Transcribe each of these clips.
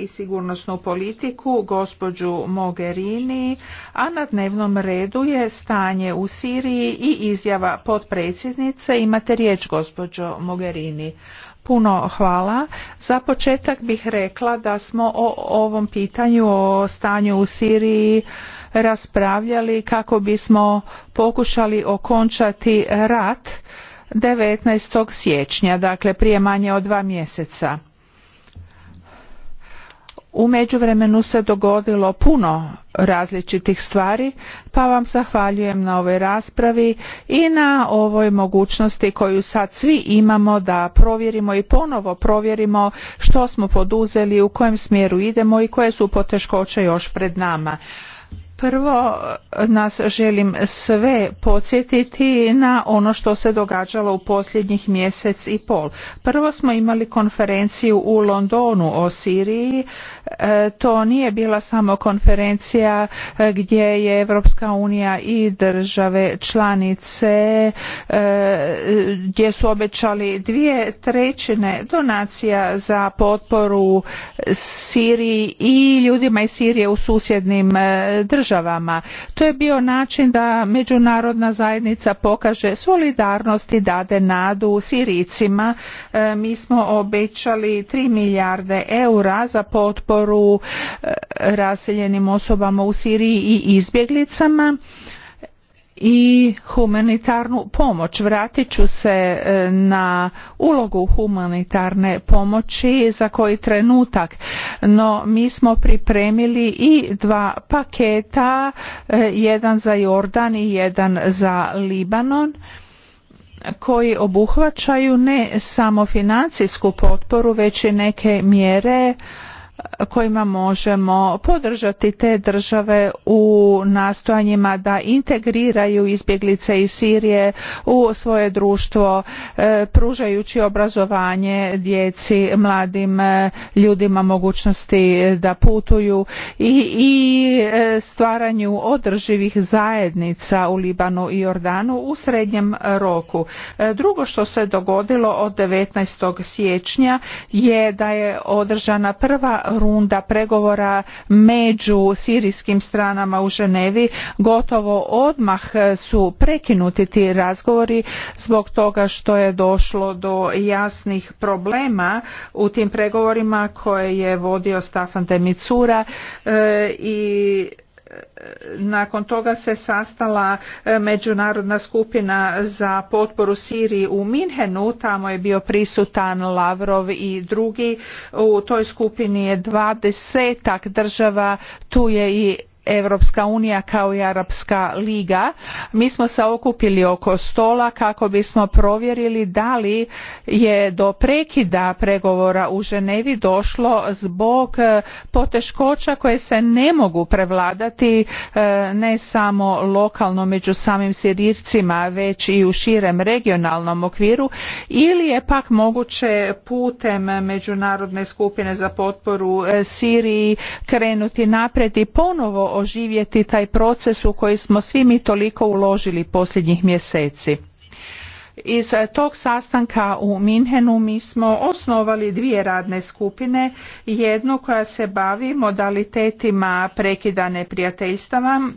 i sigurnosnu politiku gospođu Mogherini, a na dnevnom redu je stanje u Siriji i izjava potpredsjednice. Imate riječ gospođo Mogherini. Puno hvala. Za početak bih rekla da smo o ovom pitanju o stanju u Siriji raspravljali kako bismo pokušali okončati rat 19. siječnja, dakle prije manje od dva mjeseca u međuvremenu se dogodilo puno različitih stvari, pa vam zahvaljujem na ovoj raspravi i na ovoj mogućnosti koju sad svi imamo da provjerimo i ponovo provjerimo što smo poduzeli, u kojem smjeru idemo i koje su poteškoće još pred nama. Prvo nas želim sve podsjetiti na ono što se događalo u posljednjih mjesec i pol. Prvo smo imali konferenciju u Londonu o Siriji. E, to nije bila samo konferencija e, gdje je Europska unija i države članice e, gdje su obećali dvije trećine donacija za potporu Siriji i ljudima iz Sirije u susjednim državama državama. To je bio način da međunarodna zajednica pokaže solidarnost i dade nadu Sirijcima. E, mi smo obećali 3 milijarde eura za potporu e, raseljenim osobama u Siriji i izbjeglicama i humanitarnu pomoć. Vratit ću se e, na ulogu humanitarne pomoći za koji trenutak, no mi smo pripremili i dva paketa, e, jedan za Jordan i jedan za Libanon koji obuhvaćaju ne samo financijsku potporu već i neke mjere kojima možemo podržati te države u nastojanjima da integriraju izbjeglice iz Sirije u svoje društvo e, pružajući obrazovanje djeci, mladim e, ljudima mogućnosti da putuju i, e, stvaranju održivih zajednica u Libanu i Jordanu u srednjem roku. Drugo što se dogodilo od devetnaest siječnja je da je održana prva runda pregovora među sirijskim stranama u Ženevi gotovo odmah su prekinuti ti razgovori zbog toga što je došlo do jasnih problema u tim pregovorima koje je vodio Stafan de Mitsura e, i nakon toga se sastala e, međunarodna skupina za potporu Siriji u Minhenu, tamo je bio prisutan Lavrov i drugi. U toj skupini je dvadesetak država, tu je i Europska unija kao i Arapska liga, mi smo se okupili oko stola kako bismo provjerili da li je do prekida pregovora u Ženevi došlo zbog e, poteškoća koje se ne mogu prevladati e, ne samo lokalno među samim Sirijcima već i u širem regionalnom okviru ili je pak moguće putem međunarodne skupine za potporu e, Siriji krenuti naprijed i ponovo oživjeti taj proces u koji smo svi mi toliko uložili posljednjih mjeseci. Iz eh, tog sastanka u Minhenu mi smo osnovali dvije radne skupine, jednu koja se bavi modalitetima prekidane prijateljstvama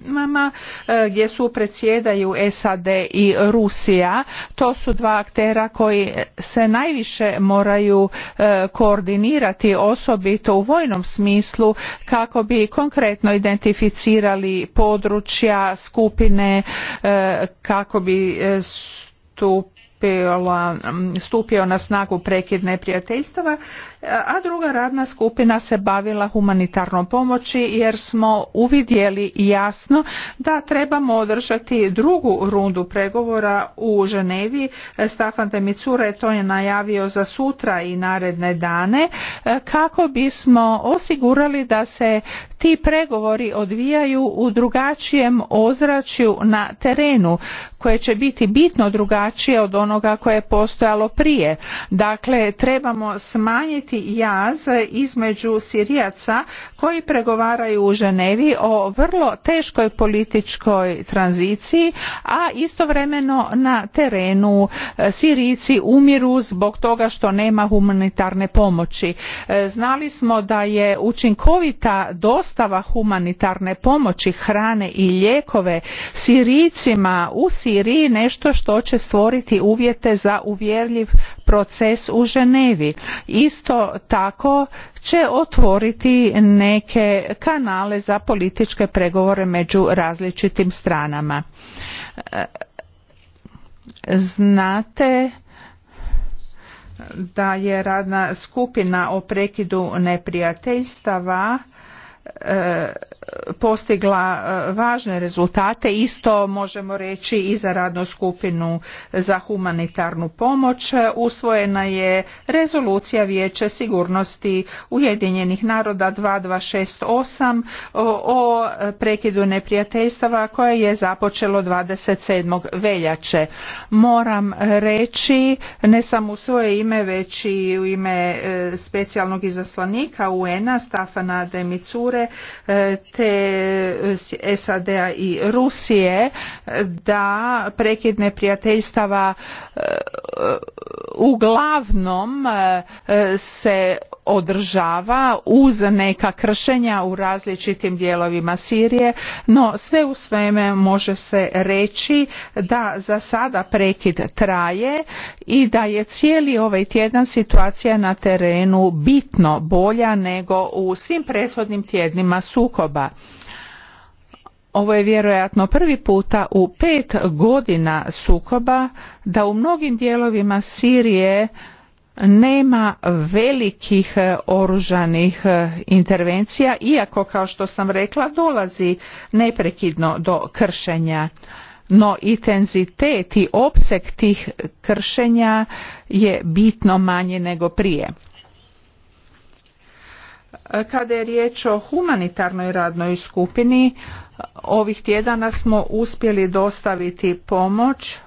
eh, gdje su predsjedaju SAD i Rusija. To su dva aktera koji se najviše moraju eh, koordinirati osobito u vojnom smislu kako bi konkretno identificirali područja, skupine kako bi stupila, stupio na snagu prekid neprijateljstava, e, a druga radna skupina se bavila humanitarnom pomoći jer smo uvidjeli jasno da trebamo održati drugu rundu pregovora u Ženevi. E, Stafan de Micure to je najavio za sutra i naredne dane e, kako bismo osigurali da se ti pregovori odvijaju u drugačijem ozračju na terenu koje će biti bitno drugačije od onoga koje je postojalo prije. Dakle, trebamo smanjiti jaz između Sirijaca koji pregovaraju u Ženevi o vrlo teškoj političkoj tranziciji, a istovremeno na terenu e, Sirijci umiru zbog toga što nema humanitarne pomoći. E, znali smo da je učinkovita dostava humanitarne pomoći hrane i lijekove Sirijcima u Siriji Siriji nešto što će stvoriti uvjete za uvjerljiv proces u Ženevi. Isto tako će otvoriti neke kanale za političke pregovore među različitim stranama. Znate da je radna skupina o prekidu neprijateljstava postigla e, važne rezultate isto možemo reći i za radnu skupinu za humanitarnu pomoć usvojena je rezolucija vijeća sigurnosti Ujedinjenih naroda 2268 o prekidu neprijateljstava koje je započelo 27. veljače moram reći ne samo u svoje ime već i u ime e, specijalnog izaslanika UN-a Stafana Demicure E, te e, sad i Rusije e, da prekidne prijateljstava uglavnom se održava uz neka kršenja u različitim dijelovima Sirije, no sve u sveme može se reći da za sada prekid traje i da je cijeli ovaj tjedan situacija na terenu bitno bolja nego u svim prethodnim tjednima sukoba. Ovo je vjerojatno prvi puta u pet godina sukoba da u mnogim dijelovima Sirije nema velikih e, oružanih e, intervencija iako kao što sam rekla dolazi neprekidno do kršenja no intenzitet i opseg tih kršenja je bitno manje nego prije e, kada je riječ o humanitarnoj radnoj skupini ovih tjedana smo uspjeli dostaviti pomoć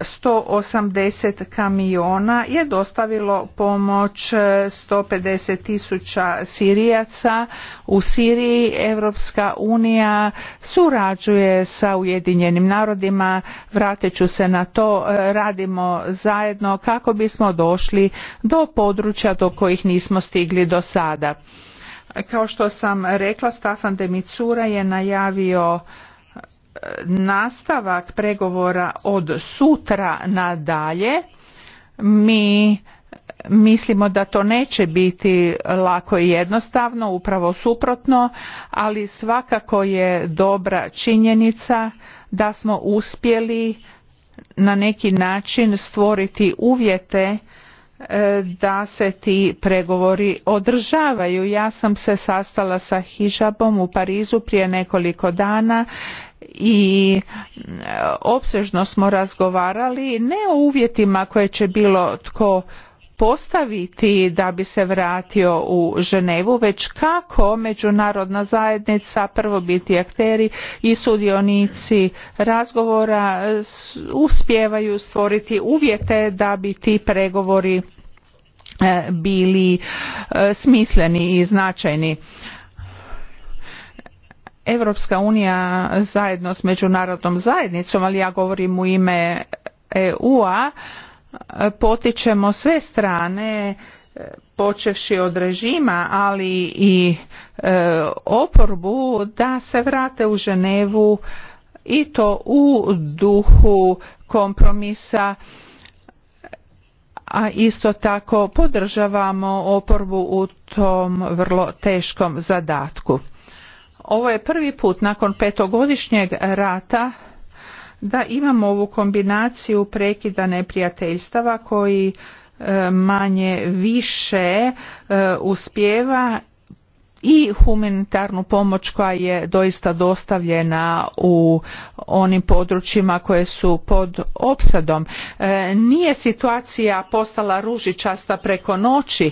180 kamiona je dostavilo pomoć e, 150 tisuća Sirijaca. U Siriji Evropska unija surađuje sa Ujedinjenim narodima. Vratit ću se na to. E, radimo zajedno kako bismo došli do područja do kojih nismo stigli do sada. Kao što sam rekla, Stafan de Micura je najavio nastavak pregovora od sutra nadalje mi mislimo da to neće biti lako i jednostavno upravo suprotno ali svakako je dobra činjenica da smo uspjeli na neki način stvoriti uvjete e, da se ti pregovori održavaju. Ja sam se sastala sa Hižabom u Parizu prije nekoliko dana i e, opsežno smo razgovarali ne o uvjetima koje će bilo tko postaviti da bi se vratio u Ženevu, već kako međunarodna zajednica, prvobiti akteri i sudionici razgovora uspijevaju stvoriti uvjete da bi ti pregovori e, bili e, smisleni i značajni Europska unija zajedno s međunarodnom zajednicom, ali ja govorim u ime EU-a, potičemo sve strane e, počevši od režima ali i e, oporbu da se vrate u Ženevu i to u duhu kompromisa a isto tako podržavamo oporbu u tom vrlo teškom zadatku ovo je prvi put nakon petogodišnjeg rata da imamo ovu kombinaciju prekida neprijateljstava koji e, manje više e, uspjeva i humanitarnu pomoć koja je doista dostavljena u onim područjima koje su pod opsadom. E, nije situacija postala ružičasta preko noći,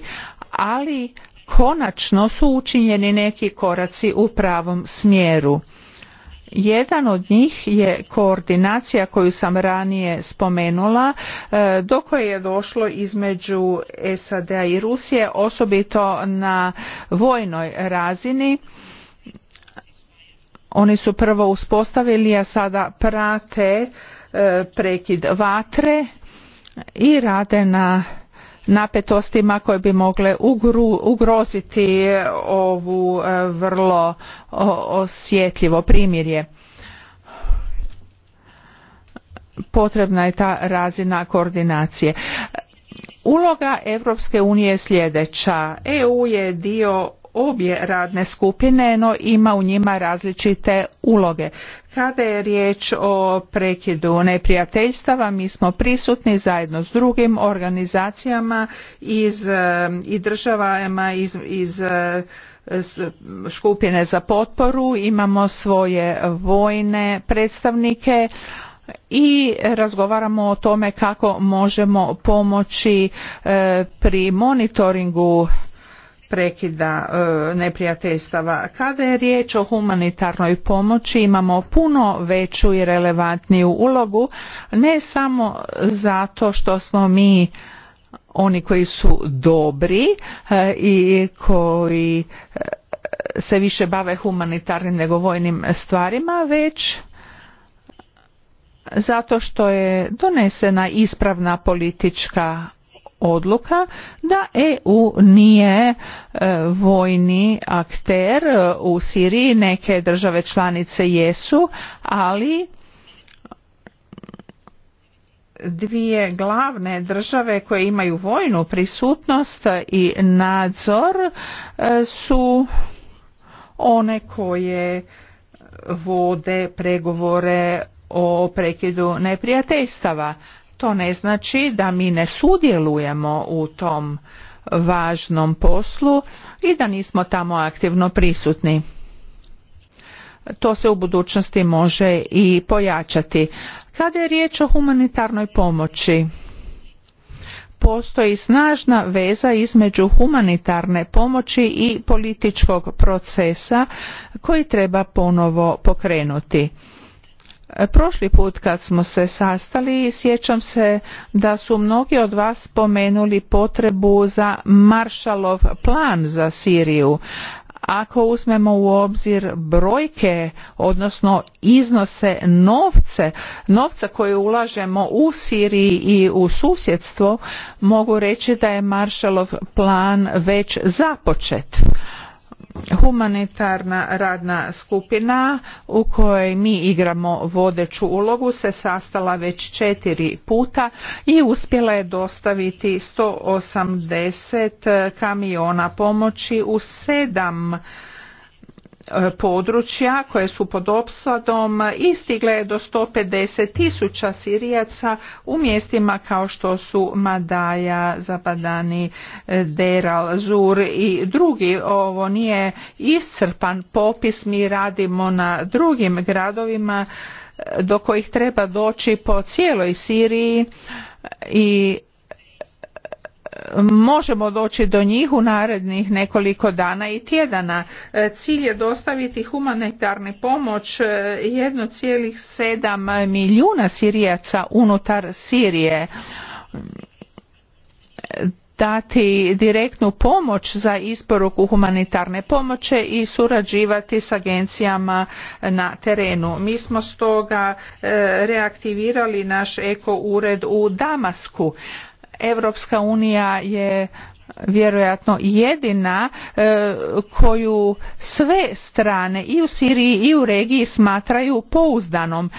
ali konačno su učinjeni neki koraci u pravom smjeru. Jedan od njih je koordinacija koju sam ranije spomenula, e, do koje je došlo između SAD-a i Rusije, osobito na vojnoj razini. Oni su prvo uspostavili, a sada prate e, prekid vatre i rade na napetostima koje bi mogle ugroziti e, ovu e, vrlo osjetljivo primirje potrebna je ta razina koordinacije uloga europske unije je sljedeća eu je dio obje radne skupine, no ima u njima različite uloge. Kada je riječ o prekidu neprijateljstava, mi smo prisutni zajedno s drugim organizacijama iz, e, i državama iz, iz e, skupine za potporu, imamo svoje vojne predstavnike i razgovaramo o tome kako možemo pomoći e, pri monitoringu prekida e, neprijateljstava. Kada je riječ o humanitarnoj pomoći imamo puno veću i relevantniju ulogu, ne samo zato što smo mi oni koji su dobri e, i koji e, se više bave humanitarnim nego vojnim stvarima, već zato što je donesena ispravna politička odluka da EU nije e, vojni akter e, u Siriji, neke države članice jesu, ali dvije glavne države koje imaju vojnu prisutnost i nadzor e, su one koje vode pregovore o prekidu neprijateljstava to ne znači da mi ne sudjelujemo u tom važnom poslu i da nismo tamo aktivno prisutni. To se u budućnosti može i pojačati. Kada je riječ o humanitarnoj pomoći, postoji snažna veza između humanitarne pomoći i političkog procesa koji treba ponovo pokrenuti. E, prošli put kad smo se sastali, sjećam se da su mnogi od vas spomenuli potrebu za Maršalov plan za Siriju. Ako uzmemo u obzir brojke, odnosno iznose novce, novca koje ulažemo u Siriji i u susjedstvo, mogu reći da je Maršalov plan već započet humanitarna radna skupina u kojoj mi igramo vodeću ulogu se sastala već četiri puta i uspjela je dostaviti 180 kamiona pomoći u sedam područja koje su pod opsadom i do 150 tisuća Sirijaca u mjestima kao što su Madaja, Zabadani, e, Deral, Zur i drugi. Ovo nije iscrpan popis, mi radimo na drugim gradovima e, do kojih treba doći po cijeloj Siriji i možemo doći do njih u narednih nekoliko dana i tjedana. E, cilj je dostaviti humanitarnu pomoć 1,7 e, milijuna Sirijaca unutar Sirije dati direktnu pomoć za isporuku humanitarne pomoći i surađivati s agencijama na terenu. Mi smo stoga e, reaktivirali naš eko ured u Damasku Europska unija je e, vjerojatno jedina e, koju sve strane i u Siriji i u regiji smatraju pouzdanom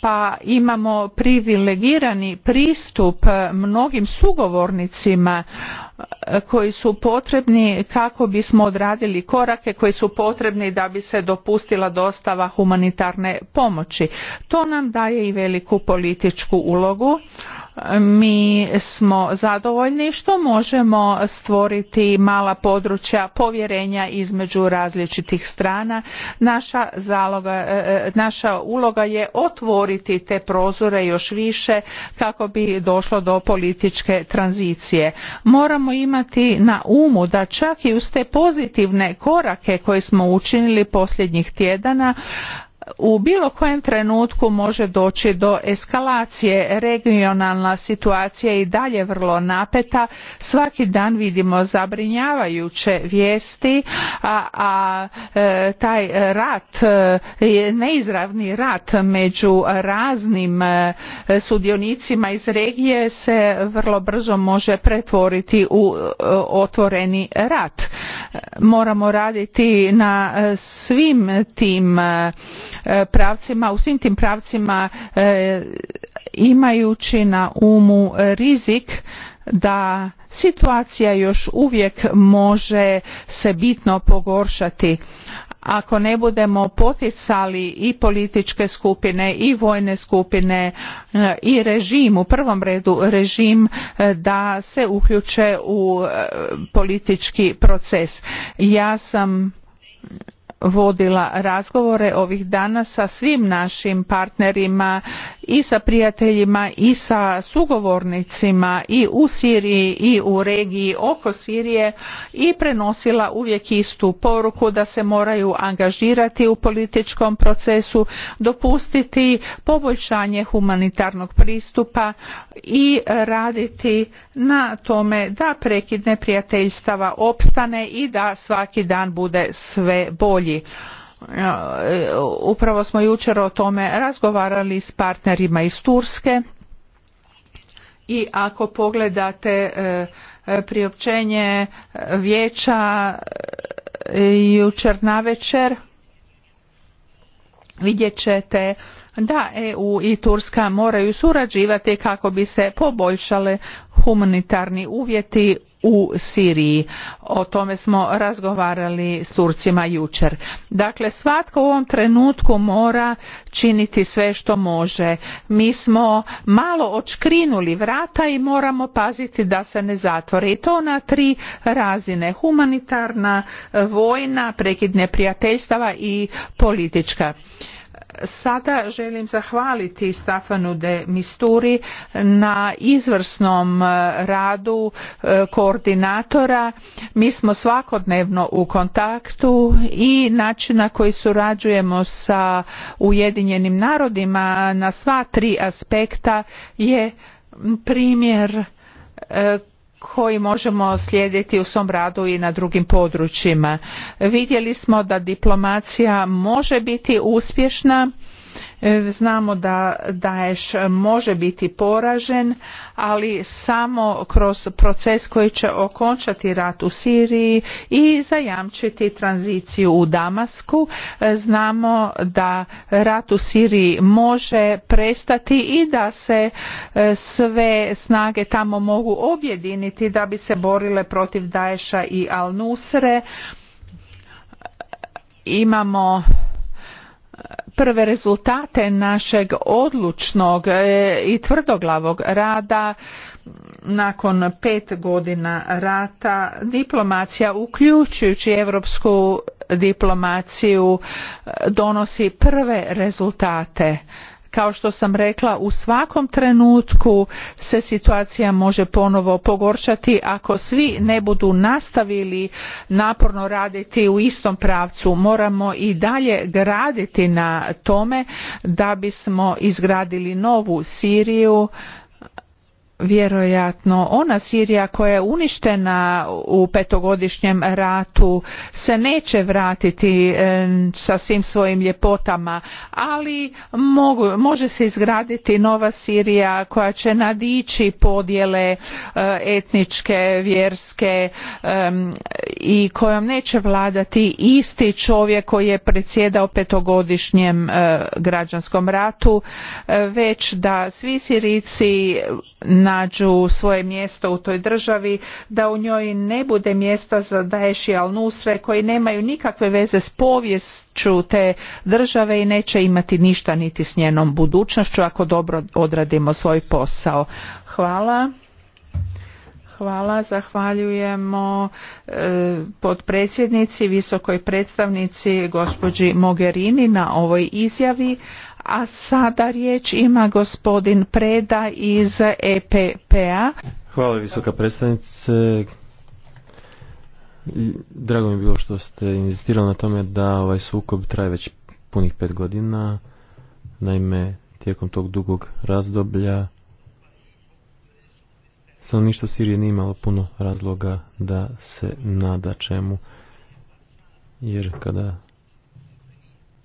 pa imamo privilegirani pristup e, mnogim sugovornicima koji su potrebni kako bismo odradili korake koji su potrebni da bi se dopustila dostava humanitarne pomoći. To nam daje i veliku političku ulogu mi smo zadovoljni što možemo stvoriti mala područja povjerenja između različitih strana naša, e, e, naša uloga je otvoriti te prozore još više kako bi došlo do političke tranzicije moramo imati na umu da čak i uz te pozitivne korake koje smo učinili posljednjih tjedana u bilo kojem trenutku može doći do eskalacije regionalna situacija je i dalje vrlo napeta svaki dan vidimo zabrinjavajuće vijesti a, e, taj rat e, neizravni rat među raznim e, sudionicima iz regije se vrlo brzo može pretvoriti u otvoreni rat moramo raditi na svim tim E, pravcima u svim tim pravcima e, imajući na umu rizik da situacija još uvijek može se bitno pogoršati ako ne budemo poticali i političke skupine i vojne skupine e, i režim u prvom redu režim da se uključe u politički proces ja sam vodila razgovore ovih dana sa svim našim partnerima i sa prijateljima i sa sugovornicima i u Siriji i u regiji oko Sirije i prenosila uvijek istu poruku da se moraju angažirati u političkom procesu, dopustiti poboljšanje humanitarnog pristupa i raditi na tome da prekid neprijateljstava opstane i da svaki dan bude sve bolji E, upravo smo jučer o tome razgovarali s partnerima iz Turske i ako pogledate e, priopćenje vijeća e, jučer navečer vidjet ćete da EU i Turska moraju surađivati kako bi se poboljšale humanitarni uvjeti u Siriji. O tome smo razgovarali s Turcima jučer. Dakle, svatko u ovom trenutku mora činiti sve što može. Mi smo malo odškrinuli vrata i moramo paziti da se ne zatvore. I to na tri razine. Humanitarna, vojna, prekid neprijateljstava i politička. Sada želim zahvaliti Stefanu de Misturi na izvrsnom e, radu e, koordinatora. Mi smo svakodnevno u kontaktu i način na koji surađujemo sa Ujedinjenim narodima na sva tri aspekta je primjer e, koji možemo slijediti u svom radu i na drugim područjima. Vidjeli smo da diplomacija može biti uspješna E, znamo da Daesh može biti poražen, ali samo kroz proces koji će okončati rat u Siriji i zajamčiti tranziciju u Damasku. E, znamo da rat u Siriji može prestati i da se e, sve snage tamo mogu objediniti da bi se borile protiv Daesha i Al-Nusre. Imamo prve rezultate našeg odlučnog e, i tvrdoglavog rada nakon pet godina rata diplomacija uključujući europsku diplomaciju donosi prve rezultate kao što sam rekla, u svakom trenutku se situacija može ponovo pogoršati ako svi ne budu nastavili naporno raditi u istom pravcu. Moramo i dalje graditi na tome da bismo izgradili novu Siriju vjerojatno ona Sirija koja je uništena u petogodišnjem ratu se neće vratiti e, sa svim svojim ljepotama, ali može se izgraditi nova Sirija koja će nadići podjele e, etničke, vjerske e, i kojom neće vladati isti čovjek koji je predsjedao petogodišnjem građanskom ratu, već da svi Sirijci nađu svoje mjesto u toj državi, da u njoj ne bude mjesta za Daesh i al koji nemaju nikakve veze s poviješću te države i neće imati ništa niti s njenom budućnošću ako dobro odradimo svoj posao. Hvala. Hvala, zahvaljujemo e, podpredsjednici, visokoj predstavnici gospođi Mogherini na ovoj izjavi. A sada riječ ima gospodin Preda iz EPP-a. Hvala visoka predstavnice. Drago mi je bilo što ste inzistirali na tome da ovaj sukob traje već punih pet godina. Naime, tijekom tog dugog razdoblja ništa Sirije nije imalo puno razloga da se nada čemu. Jer kada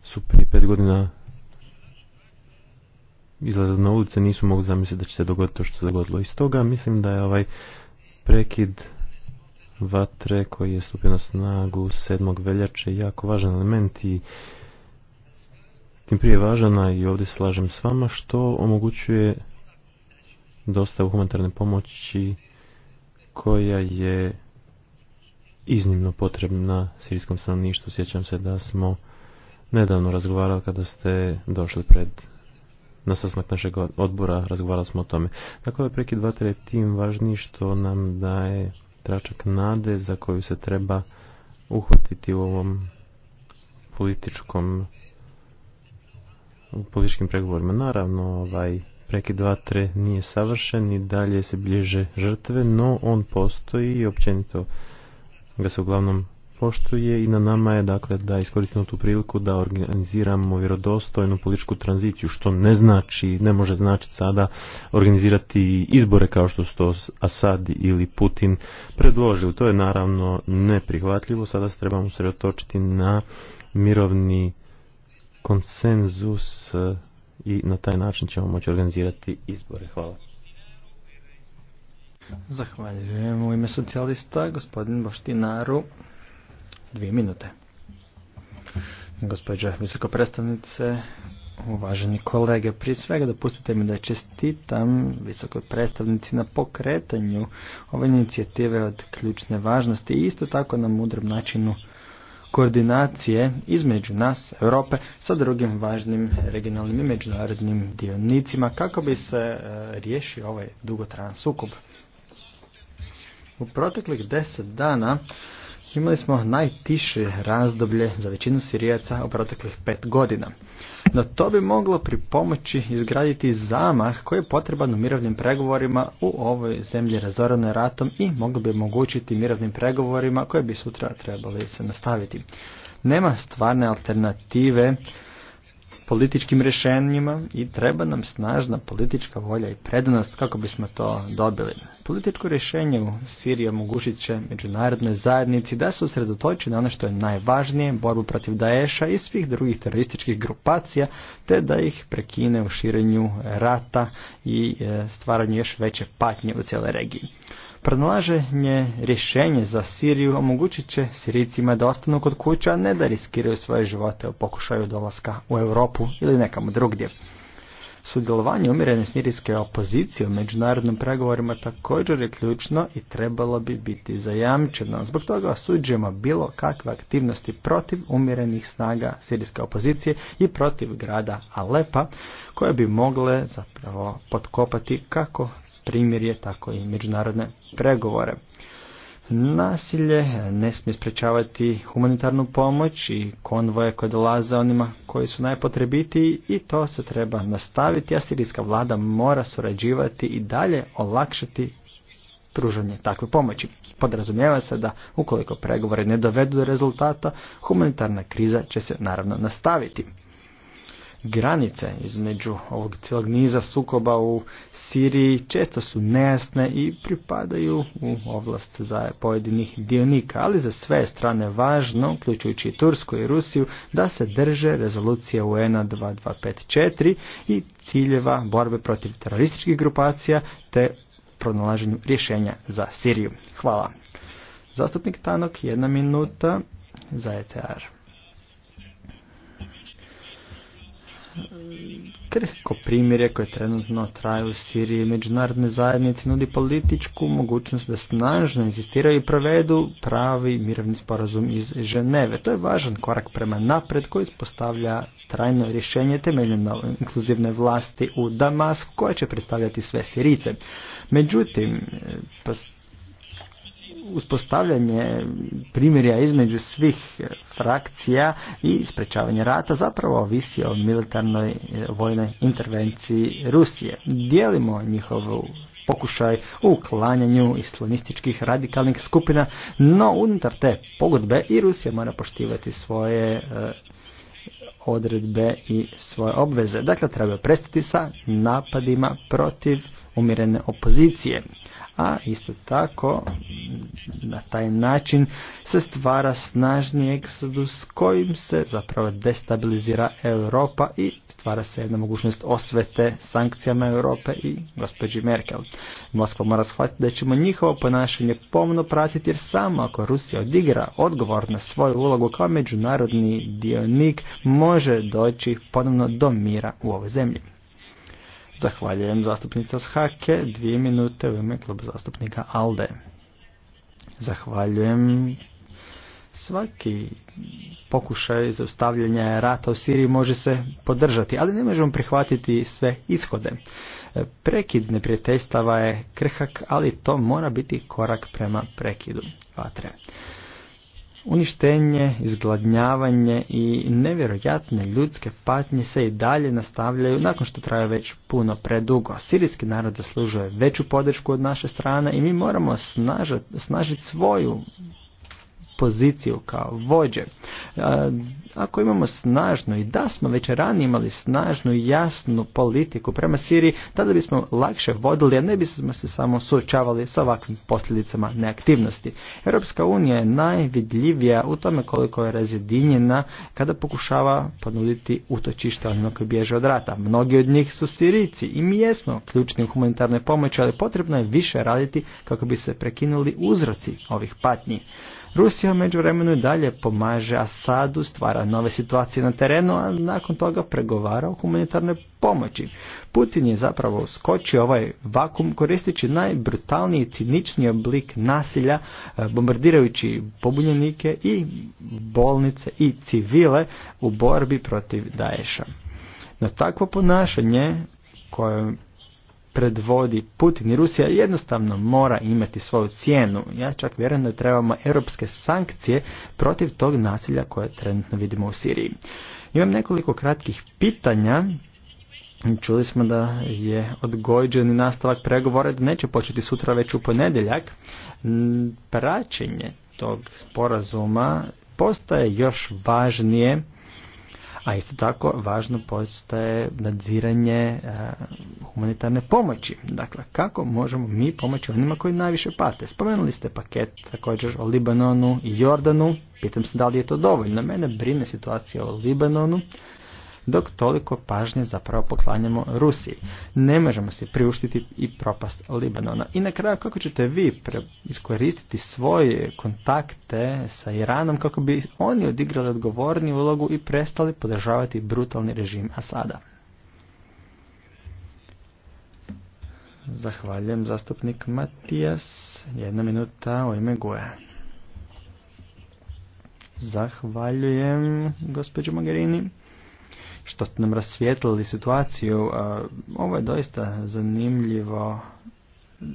su prije pet godina izlaze na ulice nisu mogli zamisliti da će se dogoditi to što se dogodilo. I stoga mislim da je ovaj prekid vatre koji je stupio na snagu 7. veljače jako važan element i tim prije a i ovdje slažem s vama što omogućuje dostavu humanitarne pomoći koja je iznimno potrebna sirijskom stanovništvu. Sjećam se da smo nedavno razgovarali kada ste došli pred na sastanak našeg odbora razgovarali smo o tome. Dakle, ovaj prekid vatre je tim važniji što nam daje tračak nade za koju se treba uhvatiti u ovom političkom u političkim pregovorima. Naravno, ovaj dva tre nije savršen i dalje se bliže žrtve, no on postoji i općenito ga se uglavnom poštuje i na nama je dakle da iskoristimo tu priliku da organiziramo vjerodostojnu političku tranziciju što ne znači, ne može značiti sada organizirati izbore kao što su to Asad ili Putin predložili. To je naravno neprihvatljivo. Sada se trebamo sredotočiti na mirovni konsenzus eh, i na taj način ćemo moći organizirati izbore. Hvala. Zahvaljujem u ime socijalista gospodin Boštinaru dvije minute. Gospođo visoko predstavnice, uvaženi kolege, prije svega dopustite mi da čestitam visokoj predstavnici na pokretanju ove inicijative od ključne važnosti i isto tako na mudrom načinu koordinacije između nas, Europe, sa drugim važnim regionalnim i međunarodnim dionicima kako bi se e, riješio ovaj dugotran sukob. U proteklih deset dana Imali smo najtiše razdoblje za većinu Sirijaca u proteklih pet godina. No to bi moglo pripomoći izgraditi zamah koji je potreban u mirovnim pregovorima u ovoj zemlji razorane ratom i moglo bi omogućiti mirovnim pregovorima koje bi sutra trebali se nastaviti. Nema stvarne alternative političkim rješenjima i treba nam snažna politička volja i predanost kako bismo to dobili. Političko rješenje u Siriji omogućit će međunarodnoj zajednici da se usredotoči na ono što je najvažnije, borbu protiv Daesha i svih drugih terorističkih grupacija, te da ih prekine u širenju rata i e, stvaranju još veće patnje u cijeloj regiji. Pronalaženje rješenja za Siriju omogućit će Sirijcima da ostanu kod kuća, a ne da riskiraju svoje živote u pokušaju dolaska u Europu ili nekamo drugdje. Sudjelovanje umirene sirijske opozicije u međunarodnim pregovorima također je ključno i trebalo bi biti zajamčeno. Zbog toga osuđujemo bilo kakve aktivnosti protiv umjerenih snaga sirijske opozicije i protiv grada Alepa koje bi mogle zapravo potkopati kako Primjer je tako i međunarodne pregovore. Nasilje ne smije sprečavati humanitarnu pomoć i konvoje koje dolaze onima koji su najpotrebitiji i to se treba nastaviti, a sirijska vlada mora surađivati i dalje olakšati pružanje takve pomoći. Podrazumijeva se da ukoliko pregovore ne dovedu do rezultata, humanitarna kriza će se naravno nastaviti granice između ovog cijelog niza sukoba u Siriji često su nejasne i pripadaju u ovlast za pojedinih dionika, ali za sve strane važno, uključujući i Tursku i Rusiju, da se drže rezolucije UN-a 2254 i ciljeva borbe protiv terorističkih grupacija te pronalaženju rješenja za Siriju. Hvala. Zastupnik Tanok, jedna minuta za ETR. krhko primjere koje trenutno traju u Siriji međunarodne zajednice nudi političku mogućnost da snažno insistiraju i provedu pravi mirovni sporazum iz Ženeve. To je važan korak prema napred koji postavlja trajno rješenje temeljeno na inkluzivne vlasti u Damasku koja će predstavljati sve Sirice. Međutim, e, uspostavljanje primjerja između svih e, frakcija i sprečavanje rata zapravo ovisi o militarnoj e, vojnoj intervenciji Rusije. Dijelimo njihovu pokušaj u uklanjanju islamističkih radikalnih skupina, no unutar te pogodbe i Rusija mora poštivati svoje e, odredbe i svoje obveze. Dakle, treba prestati sa napadima protiv umirene opozicije. A isto tako na taj način se stvara snažni eksodus kojim se zapravo destabilizira Europa i stvara se jedna mogućnost osvete sankcijama Europe i gospođi Merkel. Moskva mora shvatiti da ćemo njihovo ponašanje pomno pratiti jer samo ako Rusija odigra odgovor na svoju ulogu kao međunarodni dionik može doći ponovno do mira u ovoj zemlji. Zahvaljujem zastupnica Shake, dvije minute u ime kluba zastupnika ALDE. Zahvaljujem. Svaki pokušaj zaustavljanja rata u Siriji može se podržati, ali ne možemo prihvatiti sve ishode. Prekid neprijateljstava je krhak, ali to mora biti korak prema prekidu vatre. Uništenje, izgladnjavanje i nevjerojatne ljudske patnje se i dalje nastavljaju nakon što traje već puno predugo. Sirijski narod zaslužuje veću podršku od naše strane i mi moramo snažiti svoju poziciju kao vođe. E, ako imamo snažnu i da smo već ranije imali snažnu i jasnu politiku prema Siriji, tada bismo lakše vodili, a ne bismo se samo suočavali sa ovakvim posljedicama neaktivnosti. Europska unija je najvidljivija u tome koliko je razjedinjena kada pokušava ponuditi utočište onima koji bježe od rata. Mnogi od njih su Sirijci i mi jesmo ključni u humanitarnoj pomoći, ali potrebno je više raditi kako bi se prekinuli uzroci ovih patnji. Rusija vremenu i dalje pomaže Asadu, stvara nove situacije na terenu, a nakon toga pregovara o humanitarnoj pomoći. Putin je zapravo uskočio ovaj vakum koristići najbrutalniji i oblik nasilja, e, bombardirajući pobunjenike i bolnice i civile u borbi protiv Daesha. No takvo ponašanje koje predvodi Putin i Rusija jednostavno mora imati svoju cijenu. Ja čak vjerujem da trebamo europske sankcije protiv tog nasilja koje trenutno vidimo u Siriji. Imam nekoliko kratkih pitanja. Čuli smo da je odgođen nastavak pregovora da neće početi sutra već u ponedjeljak. Praćenje tog sporazuma postaje još važnije a isto tako važno postaje nadziranje e, humanitarne pomoći. Dakle, kako možemo mi pomoći onima koji najviše pate? Spomenuli ste paket također o Libanonu i Jordanu. Pitam se da li je to dovoljno. Mene brine situacija o Libanonu dok toliko pažnje zapravo poklanjamo Rusiji. Ne možemo si priuštiti i propast Libanona. I na kraju kako ćete vi iskoristiti svoje kontakte sa Iranom kako bi oni odigrali odgovorni ulogu i prestali podržavati brutalni režim Asada? Zahvaljujem zastupnik Matijas. Jedna minuta u ime Goja. Zahvaljujem gospođo Mogherini što ste nam rasvijetlili situaciju. Ovo je doista zanimljivo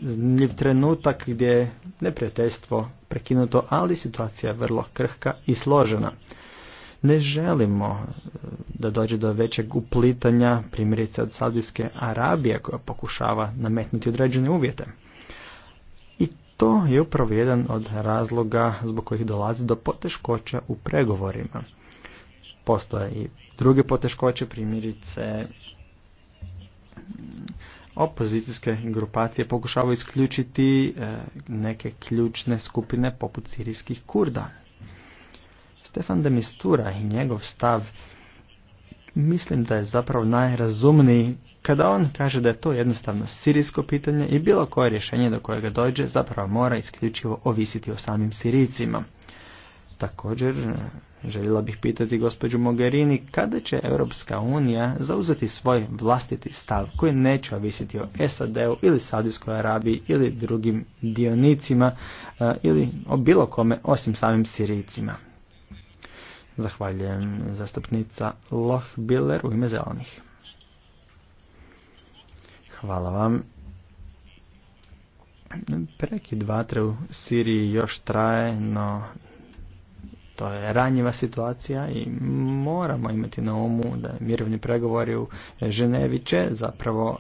zanimljiv trenutak gdje je neprijateljstvo prekinuto, ali situacija je vrlo krhka i složena. Ne želimo e, da dođe do većeg uplitanja, primjerice od Saudijske Arabije koja pokušava nametnuti određene uvjete. I to je upravo jedan od razloga zbog kojih dolazi do poteškoća u pregovorima Postoje i druge poteškoće, primjerice mm, opozicijske grupacije pokušavaju isključiti e, neke ključne skupine poput sirijskih kurda. Stefan de Mistura i njegov stav mislim da je zapravo najrazumniji kada on kaže da je to jednostavno sirijsko pitanje i bilo koje rješenje do kojega dođe zapravo mora isključivo ovisiti o samim sirijcima. Također Željela bih pitati gospođu Mogherini kada će Europska unija zauzeti svoj vlastiti stav koji neće ovisiti o SAD-u ili Saudijskoj Arabiji ili drugim dionicima e, ili o bilo kome osim samim Sirijcima. Zahvaljujem zastupnica Loh Biller u ime zelenih. Hvala vam. Prekid vatre u Siriji još traje, no to je ranjiva situacija i moramo imati na umu da mirovni pregovori u Ženevi će zapravo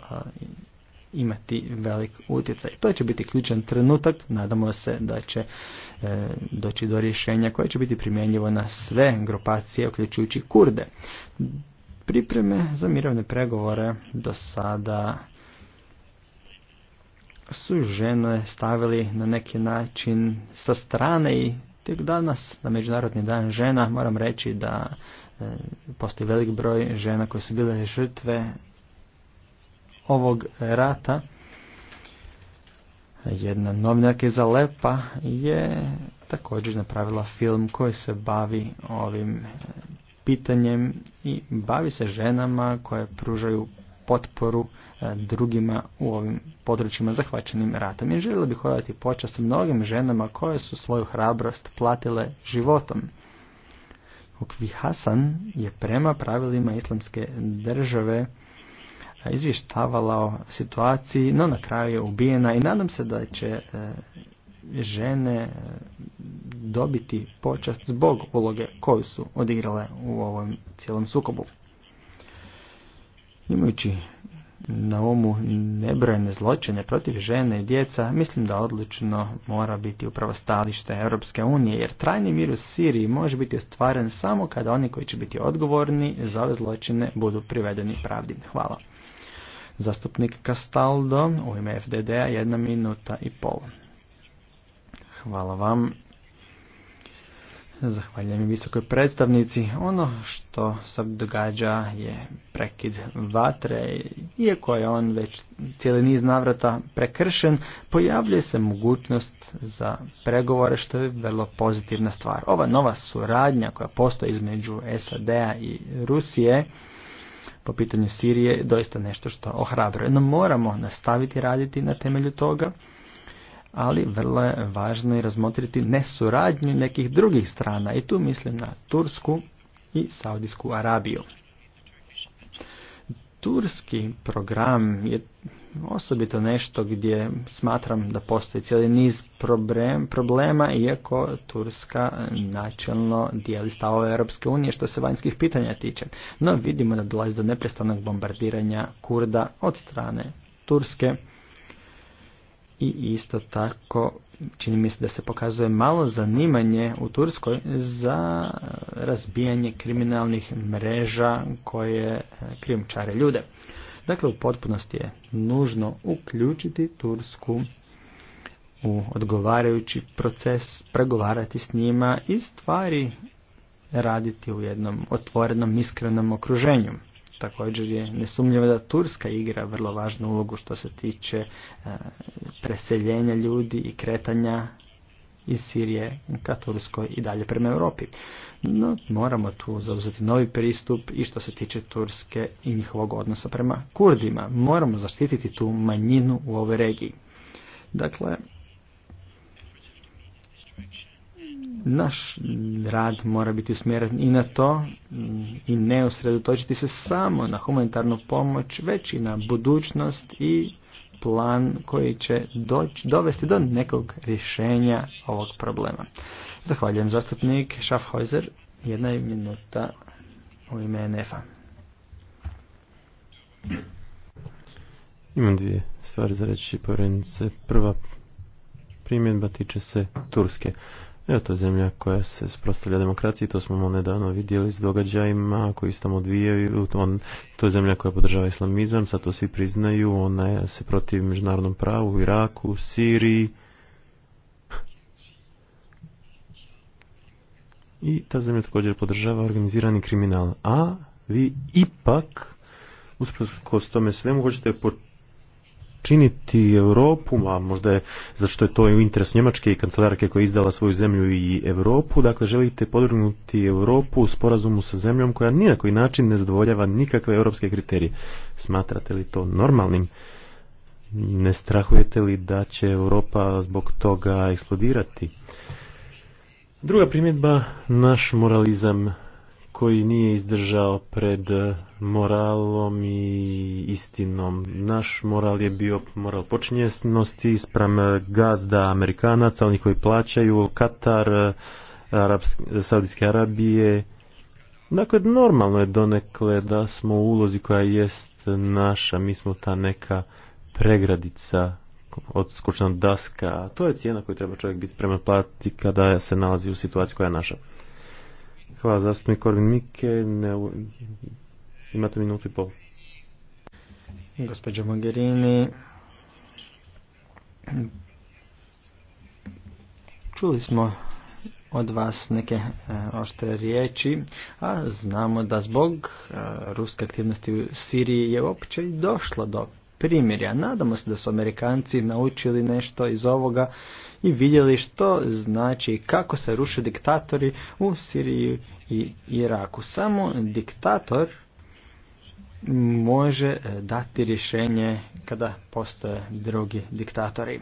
imati velik utjecaj. To će biti ključan trenutak, nadamo se da će e, doći do rješenja koje će biti primjenjivo na sve grupacije, uključujući kurde. Pripreme za mirovne pregovore do sada su žene stavili na neki način sa strane i Tek danas, na Međunarodni dan žena, moram reći da e, postoji velik broj žena koje su bile žrtve ovog rata. Jedna novinarka iz Alepa je također napravila film koji se bavi ovim pitanjem i bavi se ženama koje pružaju potporu e, drugima u ovim područjima zahvaćenim ratom. I željela bih hodati počast mnogim ženama koje su svoju hrabrost platile životom. Ukvi Hasan je prema pravilima islamske države e, izvještavala o situaciji, no na kraju je ubijena i nadam se da će e, žene dobiti počast zbog uloge koju su odigrale u ovom cijelom sukobu. Imajući na umu nebrojne zločine protiv žene i djeca, mislim da odlično mora biti upravo stalište Europske unije, jer trajni mir u Siriji može biti ostvaren samo kada oni koji će biti odgovorni za ove zločine budu privedeni pravdi. Hvala. Zastupnik Castaldo u ime fdd jedna minuta i pol. Hvala vam. Zahvaljujem i visokoj predstavnici. Ono što se događa je prekid vatre. Iako je on već cijeli niz navrata prekršen, pojavljuje se mogućnost za pregovore što je vrlo pozitivna stvar. Ova nova suradnja koja postoji između SAD-a i Rusije po pitanju Sirije je doista nešto što ohrabruje. No moramo nastaviti raditi na temelju toga ali vrlo je važno i razmotriti nesuradnju nekih drugih strana i tu mislim na Tursku i Saudijsku Arabiju. Turski program je osobito nešto gdje smatram da postoji cijeli niz problema, iako Turska načelno dijeli stavove Europske unije što se vanjskih pitanja tiče. No vidimo da dolazi do neprestanog bombardiranja Kurda od strane Turske i isto tako čini mi se da se pokazuje malo zanimanje u Turskoj za razbijanje kriminalnih mreža koje e, krijumčare ljude. Dakle, u potpunosti je nužno uključiti Tursku u odgovarajući proces, pregovarati s njima i stvari raditi u jednom otvorenom, iskrenom okruženju. Također je nesumnjivo da Turska igra vrlo važnu ulogu što se tiče e, preseljenja ljudi i kretanja iz Sirije ka Turskoj i dalje prema Europi. No, moramo tu zauzeti novi pristup i što se tiče Turske i njihovog odnosa prema Kurdima. Moramo zaštititi tu manjinu u ovoj regiji. Dakle, Naš rad mora biti usmjeren i na to i ne usredotočiti se samo na humanitarnu pomoć, već i na budućnost i plan koji će dovesti do nekog rješenja ovog problema. Zahvaljujem zastupnik Schaffhäuser. Jedna je minuta u ime NF-a. Imam dvije stvari za reći povrednice. Prva primjedba tiče se Turske. Evo to je zemlja koja se sprostavlja demokraciji, to smo nedavno vidjeli s događajima koji se tamo odvijaju. On, to je zemlja koja podržava islamizam, sad to svi priznaju, ona je se protiv međunarodnom pravu u Iraku, Siriji. I ta zemlja također podržava organizirani kriminal. A vi ipak, usprkos tome svemu, hoćete činiti Europu, a možda je zato je to i u interesu Njemačke i kancelarke koja je izdala svoju zemlju i Europu, dakle želite podvrgnuti Europu u sporazumu sa zemljom koja ni na koji način ne zadovoljava nikakve europske kriterije. Smatrate li to normalnim? Ne strahujete li da će Europa zbog toga eksplodirati? Druga primjedba, naš moralizam koji nije izdržao pred moralom i istinom. Naš moral je bio moral počinjesnosti spram gazda Amerikanaca, oni koji plaćaju Katar, Saudijske Arabije. Dakle, normalno je donekle da smo u ulozi koja jest naša, mi smo ta neka pregradica od odskočna daska. To je cijena koju treba čovjek biti spreman platiti kada se nalazi u situaciji koja je naša. Hvala zastupnik Korvin Mike. imate minutu i pol. Gospođo Mogherini, čuli smo od vas neke e, oštre riječi, a znamo da zbog e, ruske aktivnosti u Siriji je uopće i došlo do primjerja. Nadamo se da su Amerikanci naučili nešto iz ovoga i vidjeli što znači kako se ruše diktatori u Siriji i Iraku. Samo diktator može e, dati rješenje kada postoje drugi diktatori.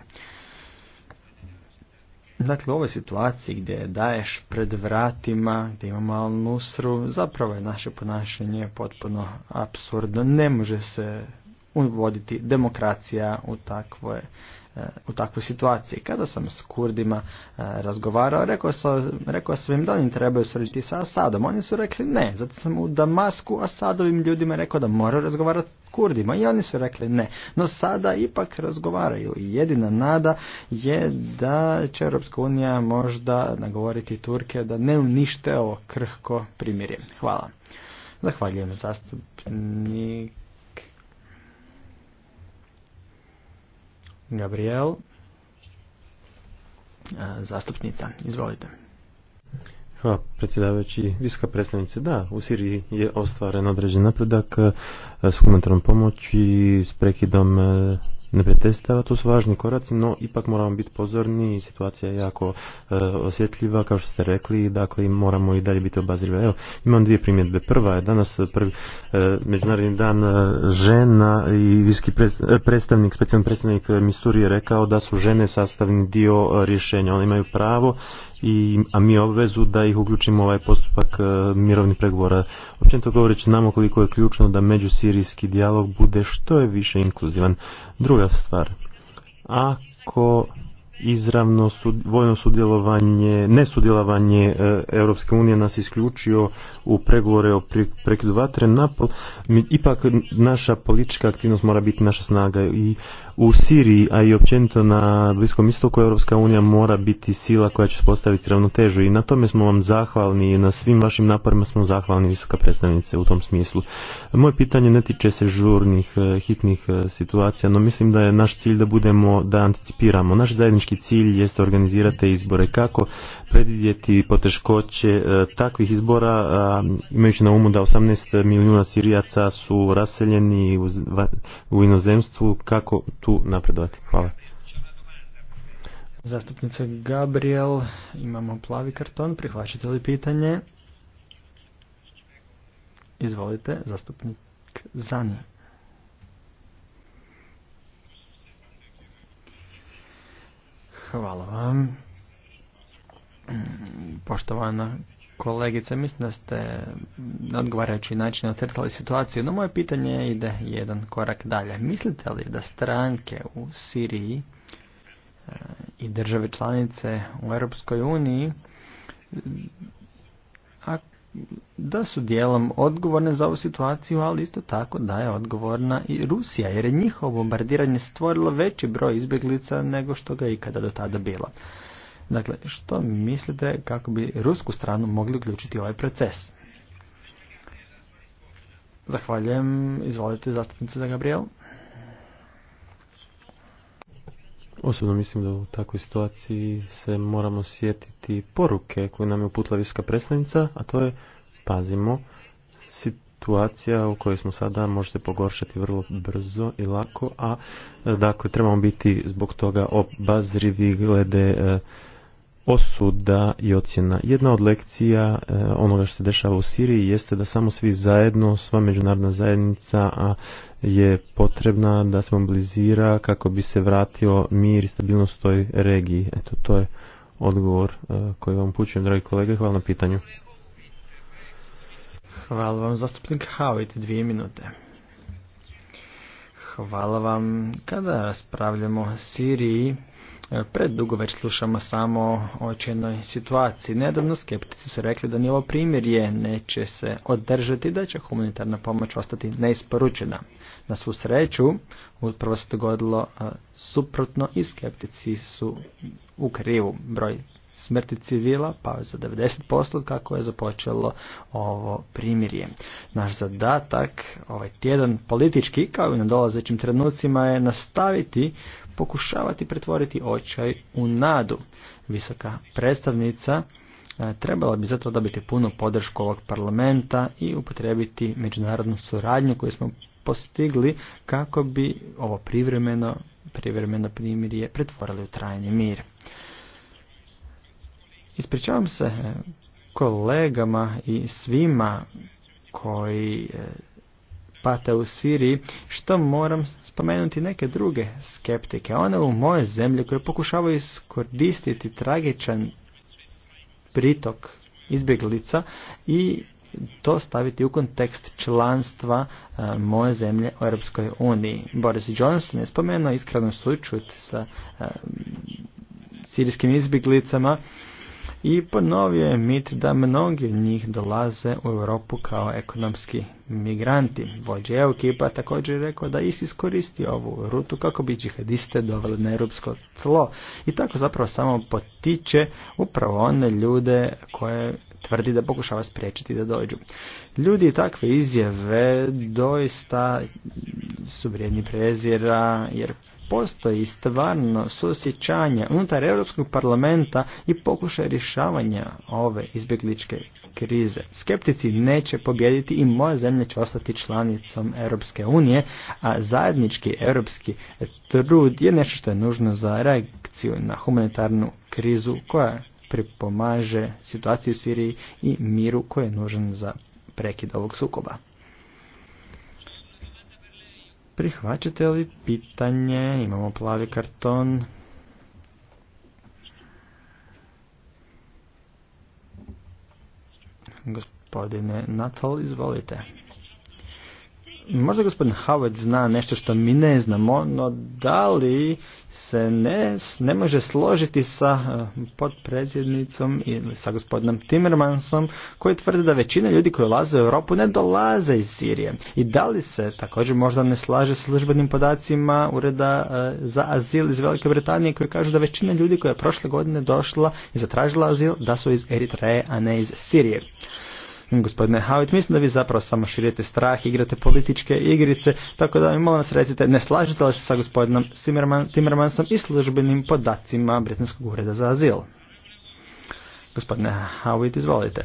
Dakle, u ovoj situaciji gdje daješ pred vratima, gdje ima al nusru, zapravo je naše ponašanje potpuno absurdno. Ne može se uvoditi demokracija u takve u takvoj situaciji. Kada sam s Kurdima e, razgovarao, rekao sam, rekao sam im da oni trebaju srediti sa Asadom. Oni su rekli ne, zato sam u Damasku Asadovim ljudima rekao da moraju razgovarati s Kurdima i oni su rekli ne. No sada ipak razgovaraju i jedina nada je da će Europska unija možda nagovoriti Turke da ne unište ovo krhko primirje. Hvala. Zahvaljujem zastupnik Gabriel. Zastupnica, izvolite. Hvala predsjedavajući. Visoka predstavnice, da, u Siriji je ostvaren određen napredak s humanitarnom pomoći, s prekidom ne pretestava, To su važni koraci, no ipak moramo biti pozorni i situacija je jako e, osjetljiva, kao što ste rekli, dakle moramo i dalje biti obazirivi. Evo, imam dvije primjedbe. Prva je danas prvi e, Međunarodni dan e, žena i viski predstavnik, specijalni predstavnik Misturi je rekao da su žene sastavni dio rješenja. One imaju pravo i, a mi obvezu da ih uključimo ovaj postupak e, mirovnih pregovora. Općenito govoreći znamo koliko je ključno da međusirijski dijalog bude što je više inkluzivan. Druga stvar, ako izravno vojno sudjelovanje, nesudjelovanje e, Europske unije nas isključio u pregovore o prekidu vatre. Napol, ipak naša politička aktivnost mora biti naša snaga i u Siriji, a i općenito na Bliskom istoku Europska unija mora biti sila koja će postaviti ravnotežu i na tome smo vam zahvalni i na svim vašim naporima smo zahvalni visoka predstavnice u tom smislu. Moje pitanje ne tiče se žurnih, e, hitnih e, situacija, no mislim da je naš cilj da budemo, da anticipiramo. Naš zajednički zajednički cilj jeste organizirati izbore. Kako predvidjeti poteškoće e, takvih izbora, imajući na umu da 18 milijuna Sirijaca su raseljeni u inozemstvu, kako tu napredovati? Hvala. Zastupnica Gabriel, imamo plavi karton, prihvaćate li pitanje? Izvolite, zastupnik Zani. Hvala vam. Poštovana kolegice, mislim da ste na odgovarajući način ocrtali situaciju, no moje pitanje ide jedan korak dalje. Mislite li da stranke u Siriji e, i države članice u Europskoj uniji da su dijelom odgovorne za ovu situaciju, ali isto tako da je odgovorna i Rusija, jer je njihovo bombardiranje stvorilo veći broj izbjeglica nego što ga je ikada do tada bilo. Dakle, što mislite kako bi rusku stranu mogli uključiti ovaj proces? Zahvaljujem. Izvolite zastupnice za Gabriel. Osobno mislim da u takvoj situaciji se moramo sjetiti poruke koju nam je uputila visoka predstavnica, a to je pazimo, situacija u kojoj smo sada može se pogoršati vrlo brzo i lako, a e, dakle trebamo biti zbog toga obazrivi glede e, osuda i ocjena. Jedna od lekcija e, onoga što se dešava u Siriji jeste da samo svi zajedno, sva međunarodna zajednica a je potrebna da se mobilizira kako bi se vratio mir i stabilnost toj regiji. Eto, to je odgovor e, koji vam upućujem, dragi kolege. Hvala na pitanju. Hvala vam, zastupnik Havit, dvije minute. Hvala vam. Kada raspravljamo o Siriji, e, predugo već slušamo samo o očenoj situaciji. Nedavno skeptici su rekli da ni ovo je, neće se održati, da će humanitarna pomoć ostati neisporučena. Na svu sreću, upravo se dogodilo e, suprotno i skeptici su u krivu. Broj smrti civila pa za 90% kako je započelo ovo primirje. Naš zadatak ovaj tjedan politički kao i na dolazećim trenucima je nastaviti pokušavati pretvoriti očaj u nadu. Visoka predstavnica e, trebala bi zato dobiti punu podršku ovog parlamenta i upotrebiti međunarodnu suradnju koju smo postigli kako bi ovo privremeno, privremeno primirje pretvorili u trajni mir. Ispričavam se eh, kolegama i svima koji eh, pate u Siriji, što moram spomenuti neke druge skeptike, one u moje zemlji koje pokušavaju iskoristiti tragičan pritok izbjeglica i to staviti u kontekst članstva eh, moje zemlje u Europskoj uniji. Boris Johnson je spomenuo iskreno slučaj sa sirijskim izbjeglicama i ponovio je mit da mnogi od njih dolaze u Europu kao ekonomski migranti. Vođe ekipa također je rekao da ISIS iskoristi ovu rutu kako bi džihadiste doveli na europsko tlo i tako zapravo samo potiče upravo one ljude koje tvrdi da pokušava spriječiti da dođu. Ljudi takve izjave doista su vrijedni prezira jer postoji stvarno susjećanje unutar Europskog parlamenta i pokušaj rješavanja ove izbjegličke krize. Skeptici neće pobjediti i moja zemlja će ostati članicom Europske unije, a zajednički europski trud je nešto što je nužno za reakciju na humanitarnu krizu koja pripomaže situaciji u Siriji i miru koji je nužan za prekid ovog sukoba. Prihvaćate li pitanje? Imamo plavi karton. Gospodine Natal, izvolite. Možda gospodin Howard zna nešto što mi ne znamo, no da li se ne, ne može složiti sa e, podpredsjednicom ili sa gospodinom Timmermansom koji tvrde da većina ljudi koji ulaze u Europu ne dolaze iz Sirije. I da li se također možda ne slaže s službenim podacima Ureda e, za azil iz Velike Britanije koji kažu da većina ljudi koja je prošle godine došla i zatražila azil da su iz Eritreje, a ne iz Sirije. Gospodine Howitt, mislim da vi zapravo samo širite strah, igrate političke igrice, tako da mi molim vas recite, ne slažete li se sa gospodinom Timmermansom i službenim podacima Britanskog ureda za azil? Gospodine Howitt, izvolite.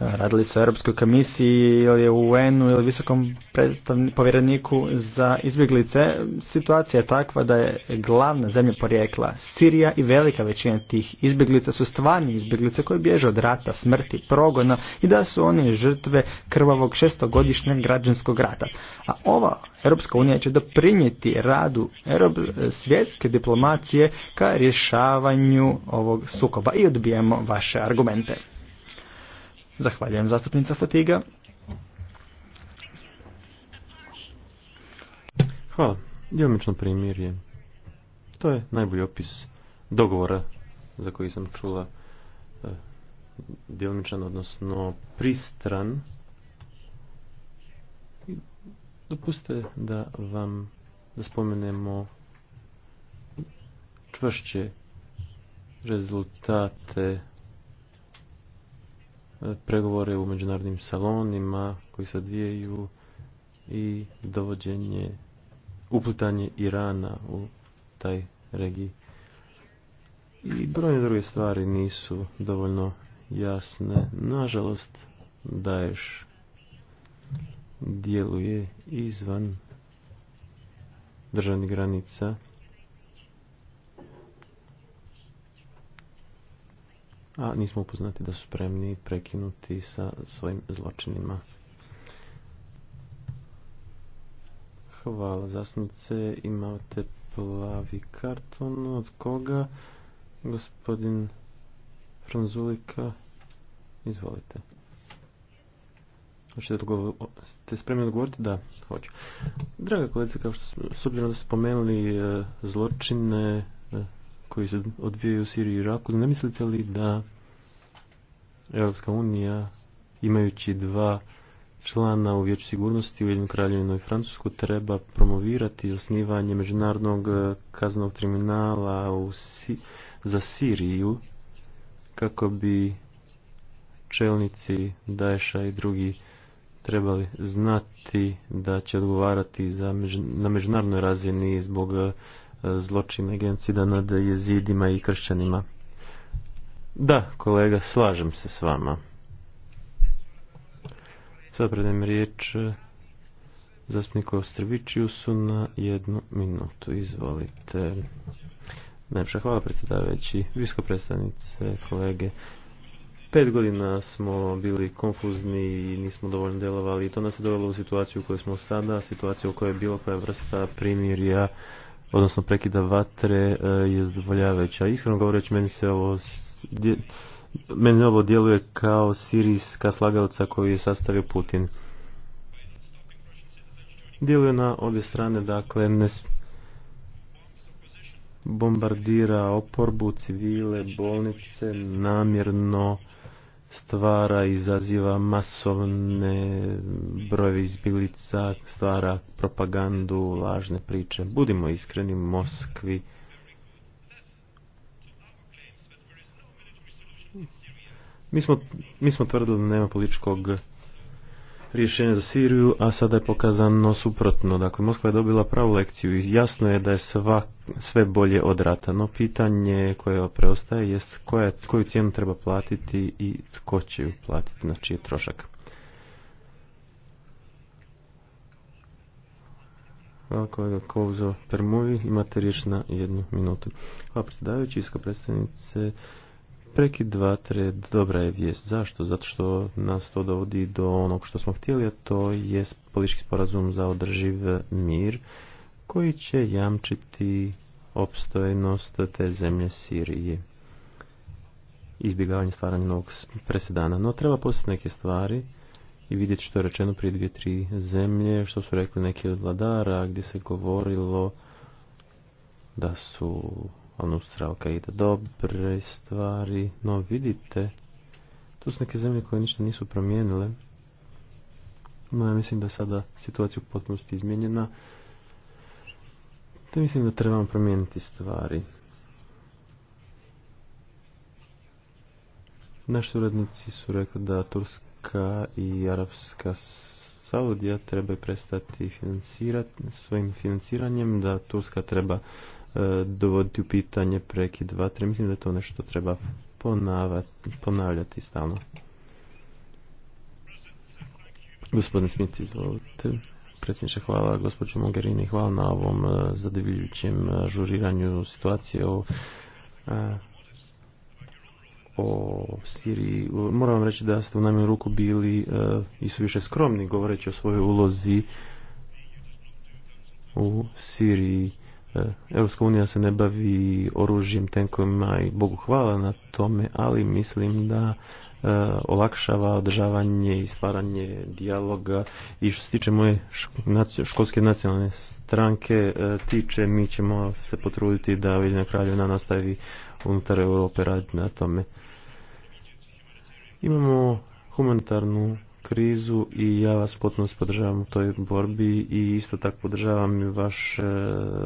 Radili se o Europskoj komisiji ili u UN-u ili visokom povjereniku za izbjeglice. Situacija je takva da je glavna zemlja porijekla Sirija i velika većina tih izbjeglica su stvarni izbjeglice koji bježe od rata, smrti, progona i da su oni žrtve krvavog šestogodišnjeg građanskog rata. A ova Europska unija će doprinijeti radu svjetske diplomacije ka rješavanju ovog sukoba i odbijemo vaše argumente. Zahvaljujem zastupnica Fatiga. Hvala. Djelomično je To je najbolji opis dogovora za koji sam čula e, djelomičan, odnosno pristran. Dopustite da vam da spomenemo čvršće rezultate pregovore u međunarodnim salonima koji se odvijaju i dovođenje, uplitanje Irana u taj regiji. I brojne druge stvari nisu dovoljno jasne. Nažalost, Daesh djeluje izvan državnih granica a nismo upoznati da su spremni prekinuti sa svojim zločinima. Hvala zastupnice, imate plavi karton od koga? Gospodin Franzulika, izvolite. Hoćete ste spremni odgovoriti? Da, hoću. Draga kolegice, kao što s obzirom da ste spomenuli e, zločine koji se odvijaju u Siriji i Iraku, ne mislite li da Europska unija imajući dva člana u Vijeću sigurnosti u Jednom Kraljevinu i Francusku treba promovirati osnivanje međunarodnog e, kaznog kriminala u si za Siriju kako bi čelnici Daesha i drugi trebali znati da će odgovarati za na međunarodnoj razini zbog e, zločina genocida nad jezidima i kršćanima. Da, kolega, slažem se s vama. Sad predajem riječ zastupniku Ostrvičiusu na jednu minutu. Izvolite. Najpša hvala predsjedavajući, visko predstavnice, kolege. Pet godina smo bili konfuzni i nismo dovoljno djelovali i to nas je dovelo u situaciju u kojoj smo sada, situaciju u kojoj je bilo koja vrsta primirja odnosno prekida vatre e, je zadovoljavajuća. Iskreno govoreći, meni se ovo meni ovo djeluje kao sirijska slagalica koju je sastavio Putin. Djeluje na obje strane, dakle, ne bombardira oporbu, civile, bolnice, namjerno stvara, izaziva masovne brojeve izbjeglica, stvara propagandu, lažne priče. Budimo iskreni, Moskvi. Mi smo, mi smo tvrdili da nema političkog rješenje za Siriju, a sada je pokazano suprotno. Dakle, Moskva je dobila pravu lekciju i jasno je da je sva, sve bolje od rata. No, pitanje koje preostaje jest koja, koju cijenu treba platiti i tko će ju platiti, na čiji trošak. Hvala kolega Kovzo permovi, imate riječ na jednu minutu. Hvala predsjedavajući, isko predstavnice Prekid tre dobra je vijest. Zašto? Zato što nas to dovodi do onog što smo htjeli, a to je politički sporazum za održiv mir koji će jamčiti opstojnost te zemlje Sirije. Izbjegavanje stvaranja novog presedana. No treba postati neke stvari i vidjeti što je rečeno prije dvije, tri zemlje, što su rekli neki od vladara, gdje se govorilo da su ono strelka ide dobre stvari, no vidite, tu su neke zemlje koje ništa nisu promijenile. No ja mislim da je sada situacija u potpunosti izmijenjena, te mislim da trebamo promijeniti stvari. Naši urednici su rekli da Turska i Arabska Saudija treba prestati financirati svojim financiranjem, da Turska treba E, dovoditi u pitanje prekid vatre. Mislim da je to nešto treba ponavljati stalno. Gospodin Smith, izvolite. Predsjedniče, hvala gospođo Mogherini, hvala na ovom e, zadivljujućem e, žuriranju situacije o Siriji. Moram vam reći da ste u najmanju ruku bili i su više skromni govoreći o svojoj ulozi u Siriji. E, Europska unija se ne bavi oružjem, tenkovima i Bogu hvala na tome, ali mislim da e, olakšava održavanje i stvaranje dijaloga i što se tiče moje školske nacionalne stranke e, tiče, mi ćemo se potruditi da na kraljevna nastavi unutar Europe raditi na tome. Imamo humanitarnu krizu i ja vas potpuno podržavam u toj borbi i isto tako podržavam vaš, e,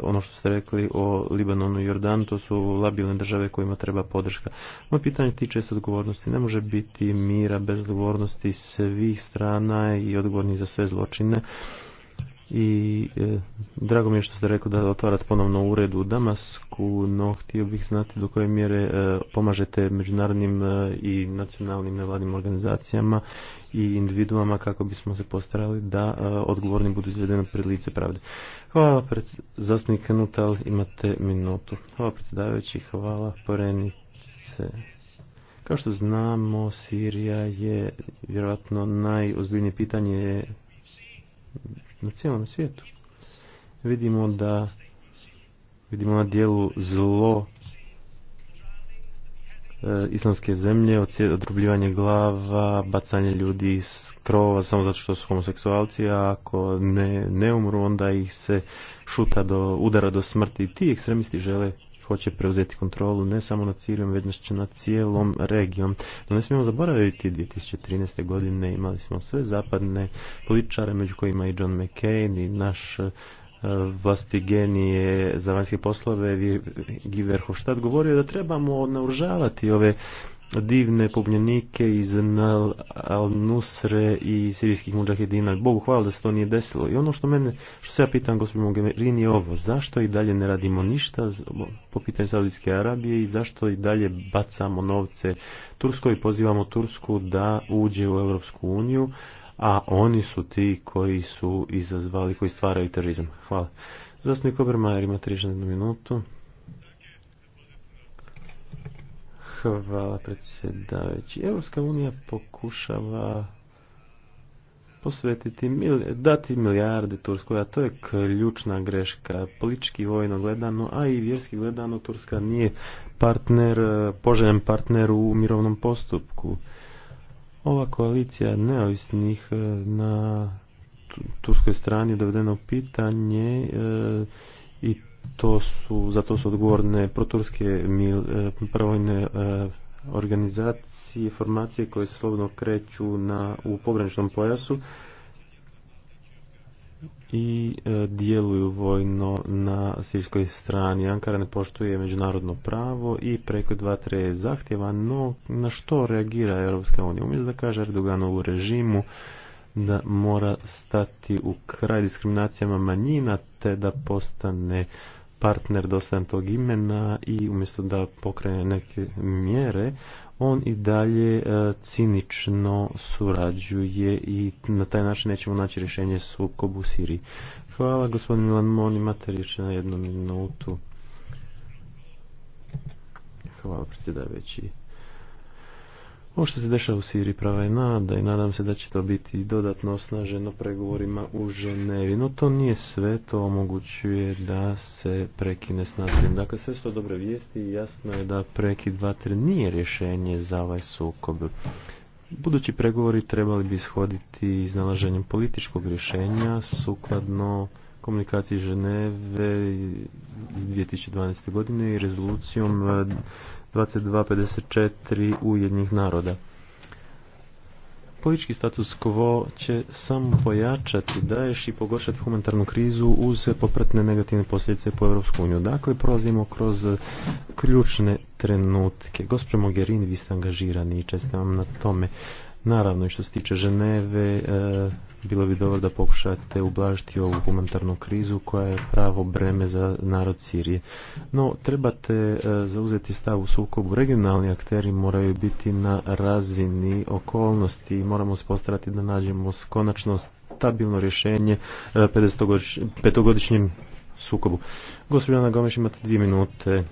ono što ste rekli o Libanonu i Jordanu, to su labilne države kojima treba podrška. Moje pitanje tiče se odgovornosti. Ne može biti mira bez odgovornosti svih strana i odgovornih za sve zločine i e, drago mi je što ste rekli da otvarate ponovno ured u Damasku, no htio bih znati do koje mjere e, pomažete međunarodnim e, i nacionalnim nevladnim organizacijama i individuama kako bismo se postarali da odgovorni budu izvedeni pred lice pravde. Hvala zastupnik Nutal, imate minutu. Hvala predsjedavajući, hvala Porenice. Kao što znamo, Sirija je vjerojatno najozbiljnije pitanje na cijelom svijetu. Vidimo da vidimo na dijelu zlo e, islamske zemlje, odrubljivanje glava, bacanje ljudi iz krova samo zato što su homoseksualci, a ako ne, ne umru onda ih se šuta do udara do smrti. Ti ekstremisti žele hoće preuzeti kontrolu ne samo nad Sirijom, već znači nad cijelom regijom. No ne smijemo zaboraviti, 2013. godine imali smo sve zapadne političare, među kojima i John McCain i naš e, vlasti za vanjske poslove Giverhofstadt govorio da trebamo naoružavati ove divne pobunjenike iz Al-Nusre i sirijskih muđahedina. Bogu hvala da se to nije desilo. I ono što mene, što se ja pitam gospodinu Mogherini je ovo, zašto i dalje ne radimo ništa po pitanju Saudijske Arabije i zašto i dalje bacamo novce Turskoj, i pozivamo Tursku da uđe u Europsku uniju, a oni su ti koji su izazvali, koji stvaraju terorizam. Hvala. Zastupnik Obermajer ima 31 minutu. Hvala predsjedavajući. Europska unija pokušava posvetiti, dati milijarde Turskoj, a to je ključna greška. Politički vojno gledano, a i vjerski gledano, Turska nije partner, poželjen partner u mirovnom postupku. Ova koalicija neovisnih e, na turskoj strani dovedeno pitanje e, i to su, za to su odgovorne proturske e, prvojne e, organizacije, formacije koje se slobodno kreću na, u pograničnom pojasu i e, djeluju vojno na sirijskoj strani. Ankara ne poštuje međunarodno pravo i preko dva tre zahtjeva, no na što reagira Europska unija? Umjesto da kaže Erdoganovu režimu da mora stati u kraj diskriminacijama manjina te da postane partner dostajan tog imena i umjesto da pokrene neke mjere, on i dalje e, cinično surađuje i na taj način nećemo naći rješenje sukobu u Siriji. Hvala gospodin Milan Mon, imate riječ na jednu minutu. Hvala predsjedavajući. Ovo što se dešava u Siriji prava je nada i nadam se da će to biti dodatno osnaženo pregovorima u Ženevi. No to nije sve, to omogućuje da se prekine s Dakle, sve su to dobre vijesti i jasno je da prekid vatre nije rješenje za ovaj sukob. Budući pregovori trebali bi ishoditi iznalaženjem političkog rješenja sukladno komunikaciji Ženeve iz 2012. godine i rezolucijom 2254 ujednjih naroda. Politički status quo će samo pojačati Daješ i pogoršati humanitarnu krizu uz popratne negativne posljedice po Europsku uniju. Dakle, prolazimo kroz ključne trenutke. Gospođo Mogherini, vi ste angažirani i čestitam vam na tome. Naravno, i što se tiče Ženeve, eh, bilo bi dobro da pokušate ublažiti ovu humanitarnu krizu koja je pravo breme za narod Sirije. No, trebate e, zauzeti stav u sukobu. Regionalni akteri moraju biti na razini okolnosti i moramo se spostarati da nađemo konačno stabilno rješenje e, petogodišnjem sukobu sukobu. Gospodina Gomeš, imate dvije minute.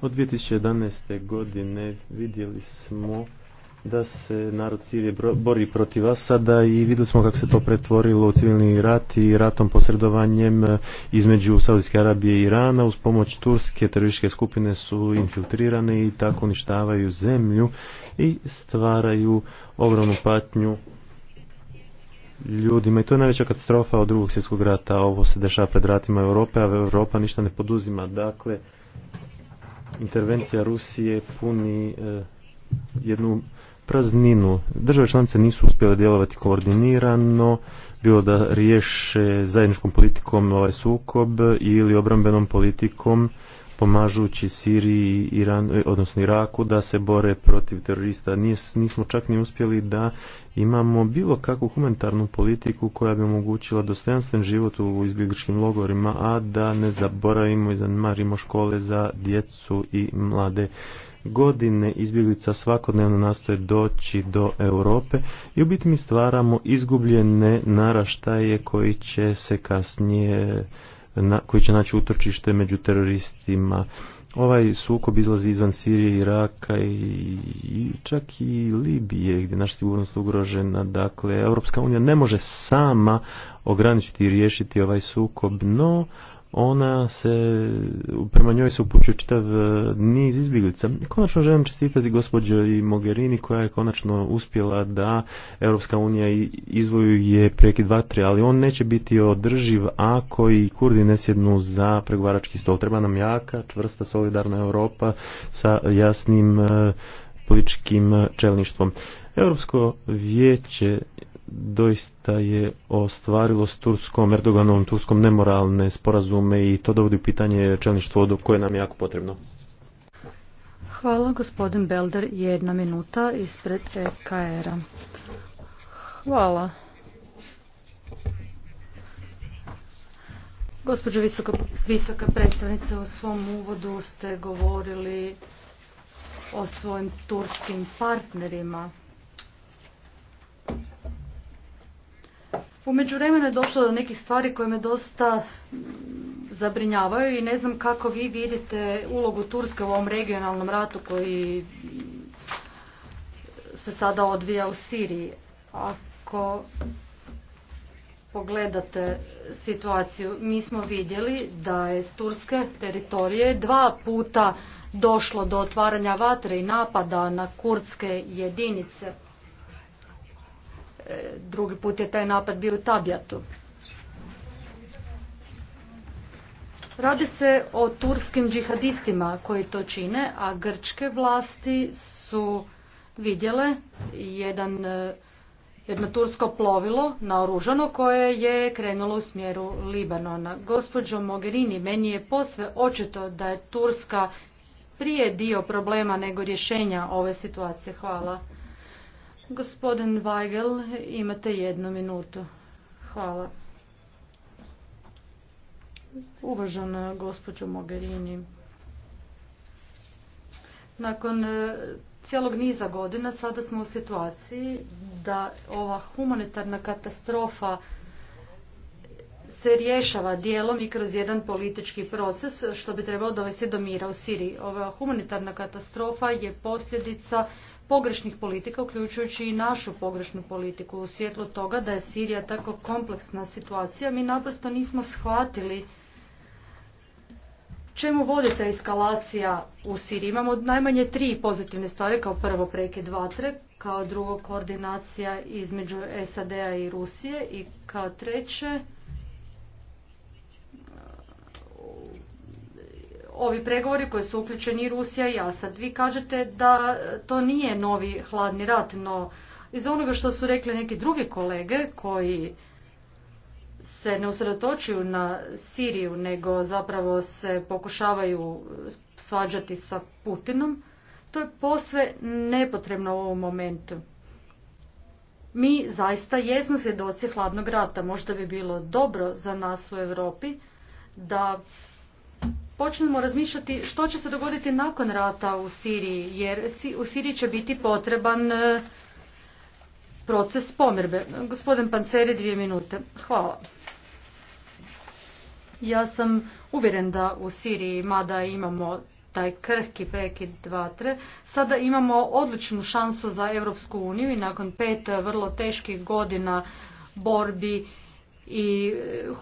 Od 2011. godine vidjeli smo da se narod Sirije bori protiv Asada i vidjeli smo kako se to pretvorilo u civilni rat i ratom posredovanjem e, između Saudijske Arabije i Irana uz pomoć Turske terorističke skupine su infiltrirane i tako uništavaju zemlju i stvaraju ogromnu patnju ljudima i to je najveća katastrofa od drugog svjetskog rata ovo se dešava pred ratima Europe a Europa ništa ne poduzima dakle intervencija Rusije puni e, jednu prazninu. Države članice nisu uspjele djelovati koordinirano, bilo da riješe zajedničkom politikom ovaj sukob ili obrambenom politikom pomažući Siriji, Iran, e, odnosno Iraku da se bore protiv terorista. Nismo čak ni uspjeli da imamo bilo kakvu humanitarnu politiku koja bi omogućila dostojanstven život u izbjegličkim logorima, a da ne zaboravimo i zanimarimo škole za djecu i mlade godine izbjeglica svakodnevno nastoje doći do Europe i u biti mi stvaramo izgubljene naraštaje koji će se kasnije na, koji će naći utočište među teroristima. Ovaj sukob izlazi izvan Sirije, Iraka i, i čak i Libije gdje naša sigurnost ugrožena. Dakle, Europska unija ne može sama ograničiti i riješiti ovaj sukob, no ona se, prema njoj se upućuje čitav e, niz izbjeglica. Konačno želim čestitati gospođo i Mogherini koja je konačno uspjela da Europska unija izvojuje prekid vatre, ali on neće biti održiv ako i Kurdi ne sjednu za pregovarački stol. Treba nam jaka, čvrsta, solidarna Europa sa jasnim e, političkim e, čelništvom. Europsko vijeće doista je ostvarilo s Turskom, Erdoganom, Turskom nemoralne sporazume i to dovodi u pitanje čelništvo koje nam je jako potrebno. Hvala gospodin Belder, jedna minuta ispred EKR-a. Hvala. Gospođo visoka, visoka u svom uvodu ste govorili o svojim turskim partnerima U međuvremenu je došlo do nekih stvari koje me dosta mm, zabrinjavaju i ne znam kako vi vidite ulogu Turske u ovom regionalnom ratu koji mm, se sada odvija u Siriji. Ako pogledate situaciju, mi smo vidjeli da je s turske teritorije dva puta došlo do otvaranja vatre i napada na kurdske jedinice drugi put je taj napad bio u Tabjatu. Radi se o turskim džihadistima koji to čine, a grčke vlasti su vidjele jedan, e, jedno tursko plovilo naoružano koje je krenulo u smjeru Libanona. Gospođo Mogherini, meni je posve očito da je Turska prije dio problema nego rješenja ove situacije. Hvala. Gospodin Weigel, imate jednu minutu. Hvala. Uvažena gospođo Mogherini, nakon e, cijelog niza godina sada smo u situaciji da ova humanitarna katastrofa se rješava dijelom i kroz jedan politički proces što bi trebalo dovesti do mira u Siriji. Ova humanitarna katastrofa je posljedica pogrešnih politika, uključujući i našu pogrešnu politiku u svjetlu toga da je Sirija tako kompleksna situacija. Mi naprosto nismo shvatili čemu vodi ta eskalacija u Siriji? Imamo najmanje tri pozitivne stvari, kao prvo dva tre kao drugo koordinacija između SAD-a i Rusije i kao treće ovi pregovori koji su uključeni Rusija i Asad. Vi kažete da to nije novi hladni rat, no iz onoga što su rekli neki drugi kolege koji se ne usredotočuju na Siriju, nego zapravo se pokušavaju svađati sa Putinom, to je posve nepotrebno u ovom momentu. Mi zaista jesmo svjedoci hladnog rata. Možda bi bilo dobro za nas u Europi da počnemo razmišljati što će se dogoditi nakon rata u Siriji, jer u Siriji će biti potreban e, proces pomirbe. Gospodin Panceri, dvije minute. Hvala. Ja sam uvjeren da u Siriji, mada imamo taj krhki prekid vatre, sada imamo odličnu šansu za Europsku uniju i nakon pet vrlo teških godina borbi i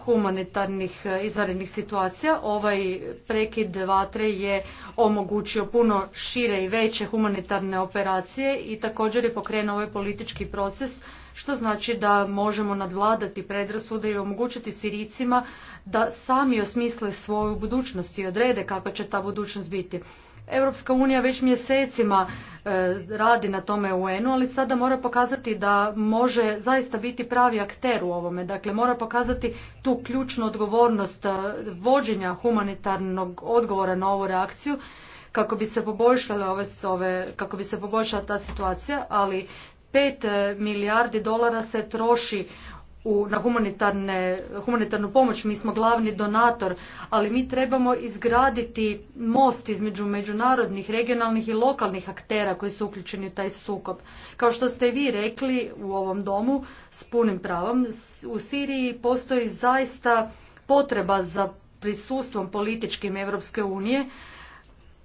humanitarnih e, izvanrednih situacija. Ovaj prekid vatre je omogućio puno šire i veće humanitarne operacije i također je pokrenuo ovaj politički proces što znači da možemo nadvladati predrasude i omogućiti siricima da sami osmisle svoju budućnost i odrede kakva će ta budućnost biti. Europska unija već mjesecima e, radi na tome UN-u, ali sada mora pokazati da može zaista biti pravi akter u ovome. Dakle, mora pokazati tu ključnu odgovornost e, vođenja humanitarnog odgovora na ovu reakciju kako bi se poboljšala ove, ove kako bi se poboljšala ta situacija, ali 5 e, milijardi dolara se troši u, na humanitarnu pomoć, mi smo glavni donator, ali mi trebamo izgraditi most između međunarodnih, regionalnih i lokalnih aktera koji su uključeni u taj sukob. Kao što ste i vi rekli u ovom domu s punim pravom, u Siriji postoji zaista potreba za prisustvom političkim Europske unije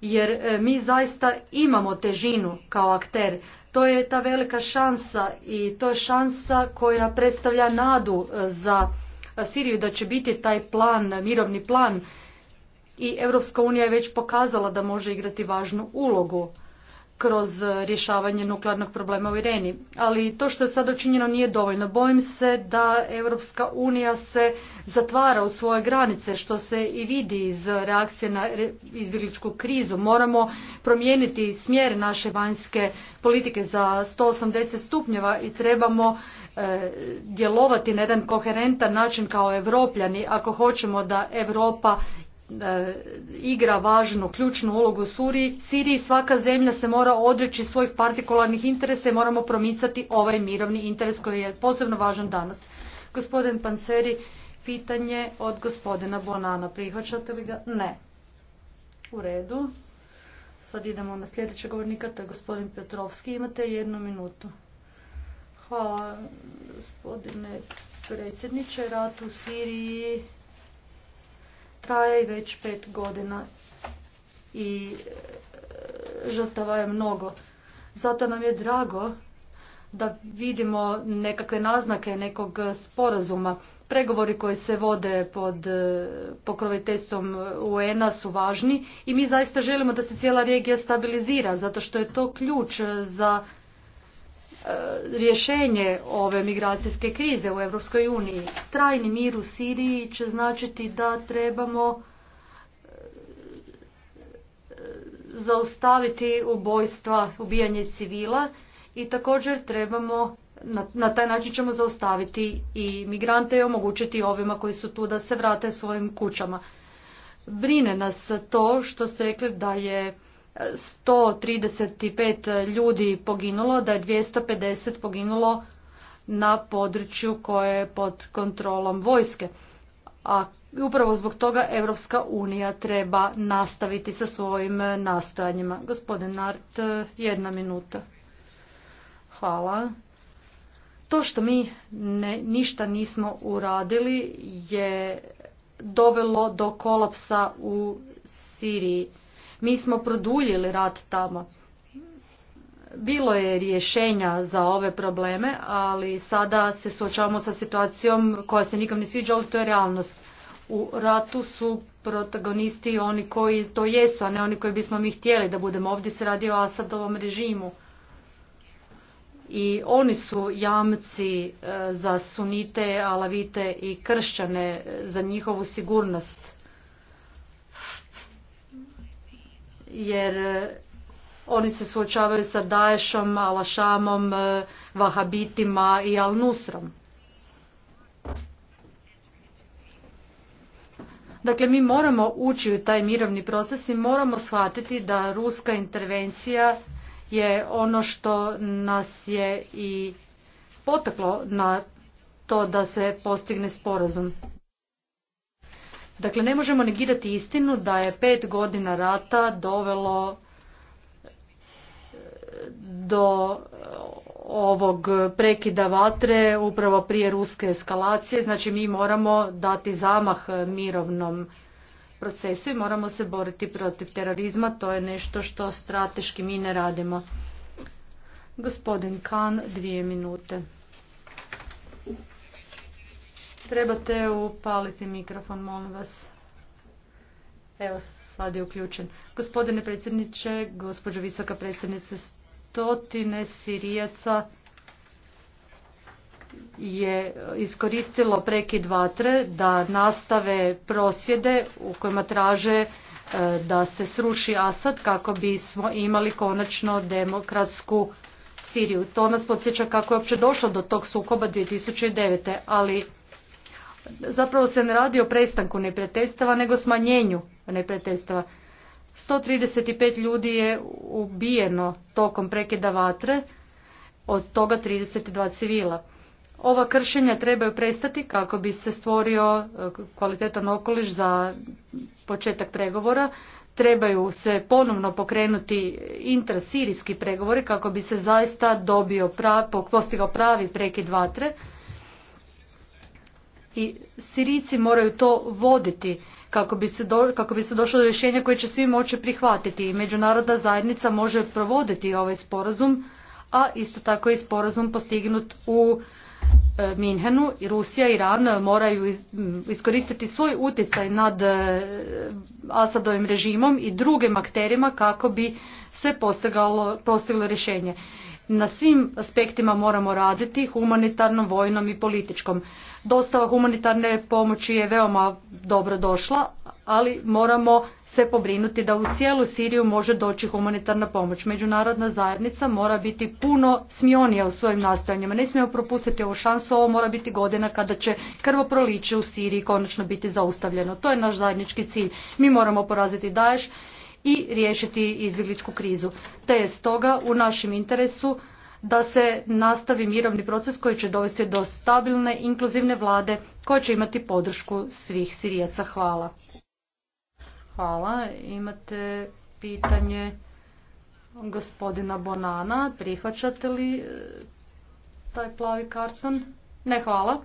jer e, mi zaista imamo težinu kao akter. To je ta velika šansa i to je šansa koja predstavlja nadu e, za Siriju da će biti taj plan, mirovni plan i Europska unija je već pokazala da može igrati važnu ulogu kroz rješavanje nuklearnog problema u Ireni. Ali to što je sada učinjeno nije dovoljno. Bojim se da Europska unija se zatvara u svoje granice, što se i vidi iz reakcije na izbjegličku krizu. Moramo promijeniti smjer naše vanjske politike za 180 stupnjeva i trebamo e, djelovati na jedan koherentan način kao evropljani ako hoćemo da Europa E, igra važnu, ključnu ulogu u Siriji, svaka zemlja se mora odreći svojih partikularnih interesa i moramo promicati ovaj mirovni interes koji je posebno važan danas. Gospodin Panseri, pitanje od gospodina Bonana. Prihvaćate li ga? Ne. U redu. Sad idemo na sljedećeg govornika, to je gospodin Petrovski. Imate jednu minutu. Hvala gospodine predsjedniče. Rat u Siriji traje i već pet godina i e, žrtava je mnogo. Zato nam je drago da vidimo nekakve naznake nekog sporazuma. Pregovori koji se vode pod e, pokroviteljstvom UN-a su važni i mi zaista želimo da se cijela regija stabilizira zato što je to ključ za E, rješenje ove migracijske krize u Europskoj uniji. Trajni mir u Siriji će značiti da trebamo e, zaustaviti ubojstva, ubijanje civila i također trebamo na, na taj način ćemo zaustaviti i migrante i omogućiti ovima koji su tu da se vrate svojim kućama. Brine nas to što ste rekli da je 135 ljudi poginulo, da je 250 poginulo na području koje je pod kontrolom vojske. A upravo zbog toga Europska unija treba nastaviti sa svojim nastojanjima. Gospodin Nart, jedna minuta. Hvala. To što mi ne, ništa nismo uradili je dovelo do kolapsa u Siriji. Mi smo produljili rat tamo. Bilo je rješenja za ove probleme, ali sada se suočavamo sa situacijom koja se nikom ne sviđa, ali to je realnost. U ratu su protagonisti oni koji to jesu, a ne oni koji bismo mi htjeli da budemo. Ovdje se radi o Asadovom režimu. I oni su jamci e, za sunite, alavite i kršćane, e, za njihovu sigurnost jer e, oni se suočavaju sa Daješom, Alašamom, e, Vahabitima i Al-Nusrom. Dakle, mi moramo ući u taj mirovni proces i moramo shvatiti da ruska intervencija je ono što nas je i potaklo na to da se postigne sporazum. Dakle, ne možemo negirati istinu da je pet godina rata dovelo eh, do eh, ovog prekida vatre upravo prije ruske eskalacije. Znači mi moramo dati zamah mirovnom procesu i moramo se boriti protiv terorizma. To je nešto što strateški mi ne radimo. Gospodin Kan, dvije minute. Trebate upaliti mikrofon, molim vas. Evo, sad je uključen. Gospodine predsjedniče, gospođo visoka predsjednice, stotine Sirijaca je iskoristilo prekid vatre da nastave prosvjede u kojima traže e, da se sruši Asad kako bismo imali konačno demokratsku Siriju. To nas podsjeća kako je uopće došlo do tog sukoba 2009. ali zapravo se ne radi o prestanku neprijateljstava nego smanjenju neprijateljstava. 135 ljudi je ubijeno tokom prekida vatre, od toga 32 civila. Ova kršenja trebaju prestati kako bi se stvorio eh, kvalitetan okoliš za početak pregovora. Trebaju se ponovno pokrenuti intrasirijski pregovori kako bi se zaista dobio postigao pravi prekid vatre i Sirici moraju to voditi kako bi, se do, kako bi se došlo do rješenja koje će svi moći prihvatiti i međunarodna zajednica može provoditi ovaj sporazum, a isto tako i sporazum postignut u e, Minhenu i Rusija i Iran moraju iskoristiti svoj utjecaj nad e, Asadovim režimom i drugim akterima kako bi se postiglo rješenje. Na svim aspektima moramo raditi, humanitarnom, vojnom i političkom. Dostava humanitarne pomoći je veoma dobro došla, ali moramo se pobrinuti da u cijelu Siriju može doći humanitarna pomoć. Međunarodna zajednica mora biti puno smionija u svojim nastojanjima. Ne smijemo propustiti ovu šansu, ovo mora biti godina kada će krvoproliće u Siriji konačno biti zaustavljeno. To je naš zajednički cilj. Mi moramo poraziti Daesh, i riješiti izbjegličku krizu. Te je stoga u našem interesu da se nastavi mirovni proces koji će dovesti do stabilne, inkluzivne vlade koja će imati podršku svih Sirijaca. Hvala. Hvala. Imate pitanje gospodina Bonana. Prihvaćate li e, taj plavi karton? Ne, hvala.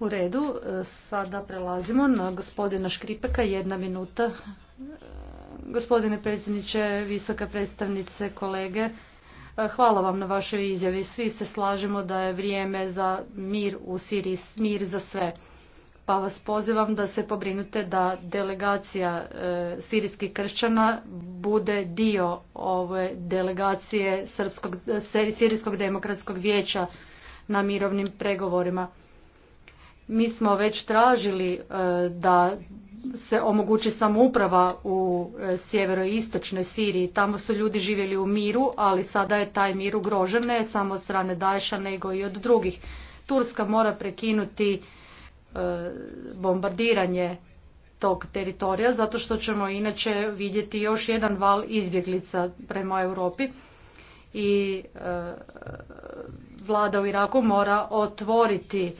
U redu, e, sada prelazimo na gospodina Škripeka, jedna minuta. E, gospodine predsjedniče, visoka predstavnice, kolege, e, hvala vam na vašoj izjavi. Svi se slažemo da je vrijeme za mir u Siriji, mir za sve. Pa vas pozivam da se pobrinute da delegacija sirijskih kršćana bude dio ove delegacije Sirijskog demokratskog vijeća na mirovnim pregovorima mi smo već tražili e, da se omogući samouprava u e, sjeveroistočnoj Siriji. Tamo su ljudi živjeli u miru, ali sada je taj mir ugrožen ne samo od strane Daesha nego i od drugih. Turska mora prekinuti e, bombardiranje tog teritorija zato što ćemo inače vidjeti još jedan val izbjeglica prema Europi i vlada u Iraku mora otvoriti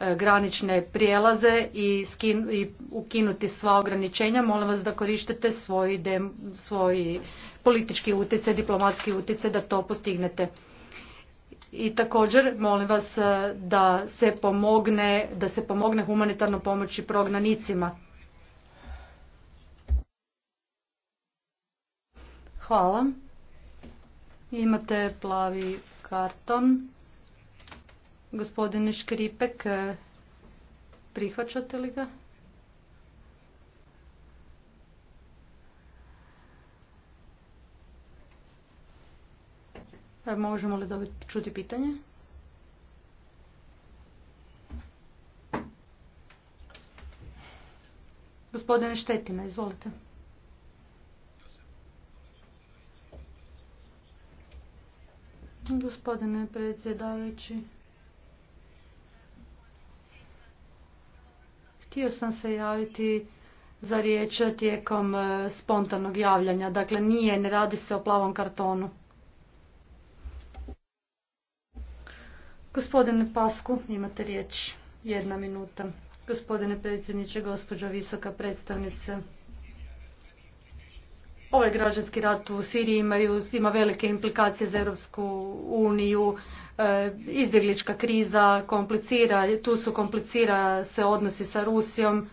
E, granične prijelaze i, i ukinuti sva ograničenja. Molim vas da koristite svoj, politički utjecaj, diplomatski utjecaj da to postignete. I također molim vas e, da se pomogne, da se pomogne humanitarno pomoći prognanicima. Hvala. Imate plavi karton. Gospodine Škripek, eh, prihvaćate li ga? Eh, možemo li dobiti čuti pitanje? Gospodine Štetina, izvolite. Gospodine predsjedavajući, Htio sam se javiti za riječ tijekom e, spontanog javljanja. Dakle, nije, ne radi se o plavom kartonu. Gospodine Pasku, imate riječ. Jedna minuta. Gospodine predsjedniče, gospođo visoka predstavnice. Ovaj građanski rat u Siriji imaju, ima velike implikacije za Europsku uniju, Eh, izbjeglička kriza komplicira, tu su komplicira se odnosi sa Rusijom.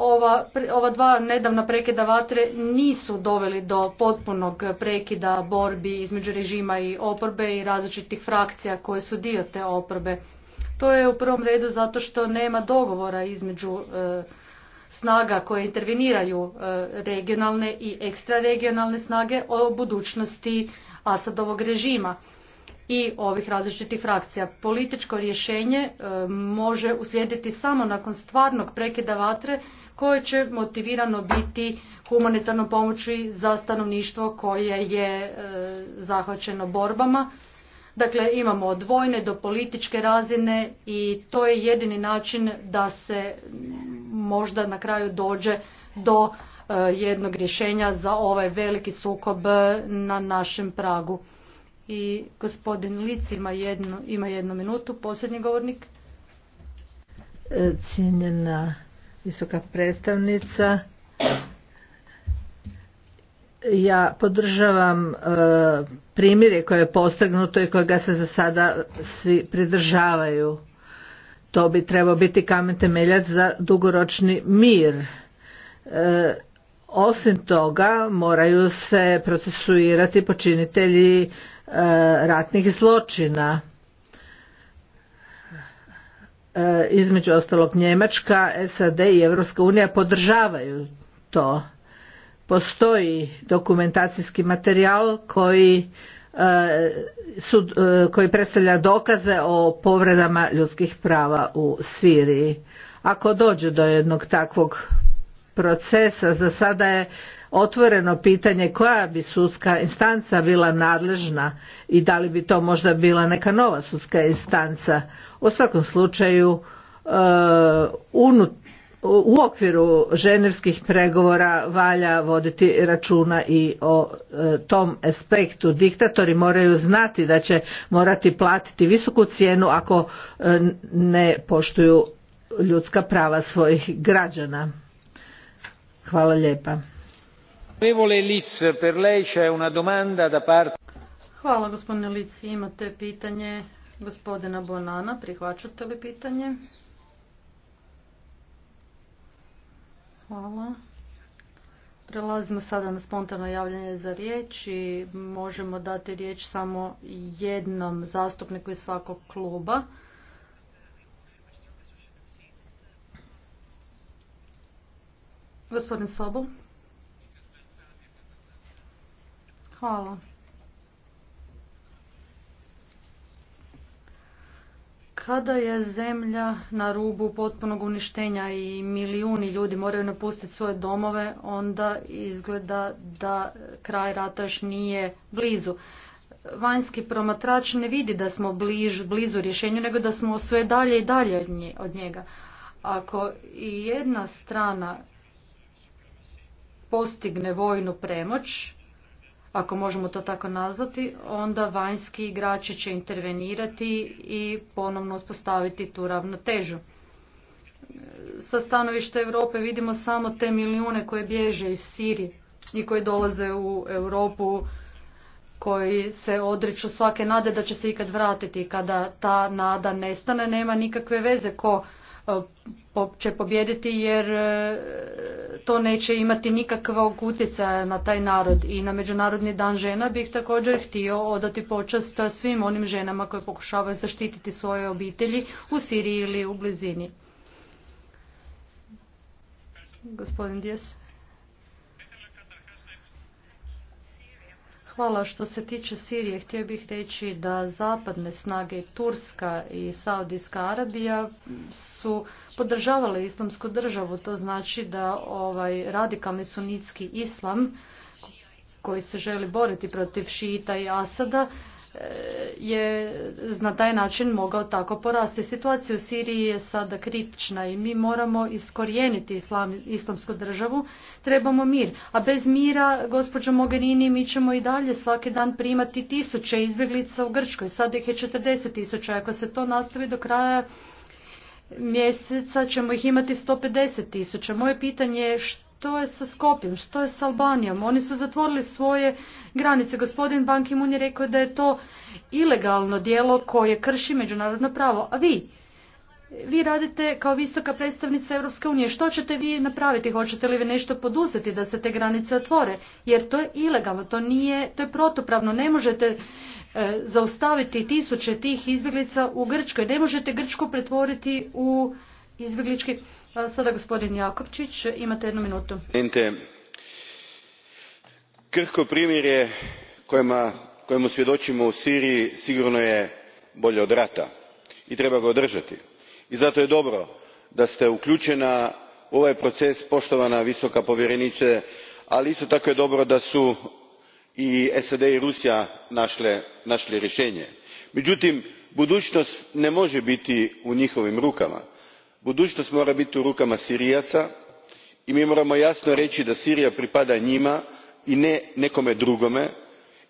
Ova, ova dva nedavna prekida vatre nisu doveli do potpunog prekida borbi između režima i oporbe i različitih frakcija koje su dio te oporbe. To je u prvom redu zato što nema dogovora između eh, snaga koje interveniraju eh, regionalne i ekstraregionalne snage o budućnosti Asadovog režima i ovih različitih frakcija. Političko rješenje e, može uslijediti samo nakon stvarnog prekida vatre koje će motivirano biti humanitarno pomoći za stanovništvo koje je e, zahvaćeno borbama. Dakle, imamo od vojne do političke razine i to je jedini način da se možda na kraju dođe do E, jednog rješenja za ovaj veliki sukob e, na našem pragu. I gospodin Lic ima jednu, ima jednu minutu, posljednji govornik. E, cijenjena visoka predstavnica, ja podržavam primjere koje je postignuto i kojega se za sada svi pridržavaju. To bi trebao biti kamen temeljac za dugoročni mir. Osim toga moraju se procesuirati počinitelji e, ratnih zločina. E, između ostalog Njemačka, SAD i Europska unija podržavaju to. Postoji dokumentacijski materijal koji e, koji predstavlja dokaze o povredama ljudskih prava u Siriji. Ako dođe do jednog takvog procesa za sada je otvoreno pitanje koja bi sudska instanca bila nadležna i da li bi to možda bila neka nova sudska instanca u svakom slučaju uh, u okviru ženevskih pregovora valja voditi računa i o uh, tom aspektu diktatori moraju znati da će morati platiti visoku cijenu ako uh, ne poštuju ljudska prava svojih građana Hvala lijepa. Hvala gospodine Lici, imate pitanje gospodina Bonana, prihvaćate li pitanje? Hvala. Prelazimo sada na spontano javljanje za riječ i možemo dati riječ samo jednom zastupniku iz svakog kluba. Gospodin Sobol. Hvala. Kada je zemlja na rubu potpunog uništenja i milijuni ljudi moraju napustiti svoje domove, onda izgleda da kraj rata nije blizu. Vanjski promatrač ne vidi da smo blizu rješenju, nego da smo sve dalje i dalje od njega. Ako i jedna strana postigne vojnu premoć, ako možemo to tako nazvati, onda vanjski igrači će intervenirati i ponovno uspostaviti tu ravnotežu. Sa stanovišta Europe vidimo samo te milijune koje bježe iz Sirije i koji dolaze u Europu koji se odriču svake nade da će se ikad vratiti. Kada ta nada nestane, nema nikakve veze ko će pobijediti jer e, to neće imati nikakvog utjecaja na taj narod i na Međunarodni dan žena bih također htio odati počast svim onim ženama koje pokušavaju zaštititi svoje obitelji u Siriji ili u blizini. Gospodin Dijes. Hvala. Što se tiče Sirije, htio bih reći da zapadne snage Turska i Saudijska Arabija su podržavale islamsku državu. To znači da ovaj radikalni sunitski islam koji se želi boriti protiv šita i Asada Eh, je na taj način mogao tako porasti. Situacija u Siriji je sada kritična i mi moramo iskorijeniti islamsku državu, trebamo mir. A bez mira, gospođo Mogherini, mi ćemo i dalje svaki dan primati tisuće izbjeglica u Grčkoj. Sada ih je 40 tisuća. Ako se to nastavi do kraja mjeseca ćemo ih imati 150 tisuća. Moje pitanje je što što je sa Skopjem, što je sa Albanijom. Oni su zatvorili svoje granice. Gospodin Ban ki je rekao da je to ilegalno djelo koje krši međunarodno pravo. A vi? Vi radite kao visoka predstavnica Europske unije. Što ćete vi napraviti? Hoćete li vi nešto poduzeti da se te granice otvore? Jer to je ilegalno, to nije, to je protupravno. Ne možete e, zaustaviti tisuće tih izbjeglica u Grčkoj. Ne možete Grčku pretvoriti u izbjeglički Sada gospodin imate jednu minutu. Krhko primirje kojemu svjedočimo u Siriji sigurno je bolje od rata i treba ga održati. I zato je dobro da ste uključena u ovaj proces poštovana visoka povjerenice ali isto tako je dobro da su i sad i rusija našli rješenje. međutim budućnost ne može biti u njihovim rukama budućnost mora biti u rukama sirijaca i mi moramo jasno reći da sirija pripada njima i ne nekome drugome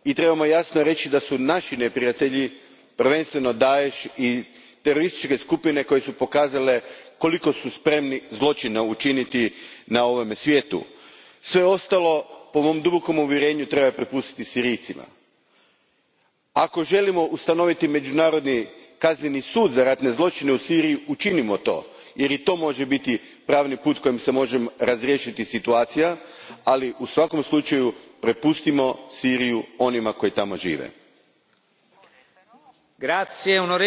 i trebamo jasno reći da su naši neprijatelji prvenstveno daesh i terorističke skupine koje su pokazale koliko su spremni zločina učiniti na ovome svijetu. sve ostalo po mom dubokom uvjerenju treba prepustiti sirijcima. ako želimo ustanoviti međunarodni kazneni sud za ratne zločine u siriji učinimo to jer i to može biti pravni put kojim se može razriješiti situacija ali u svakom slučaju prepustimo siriju onima koji tamo žive. Jedna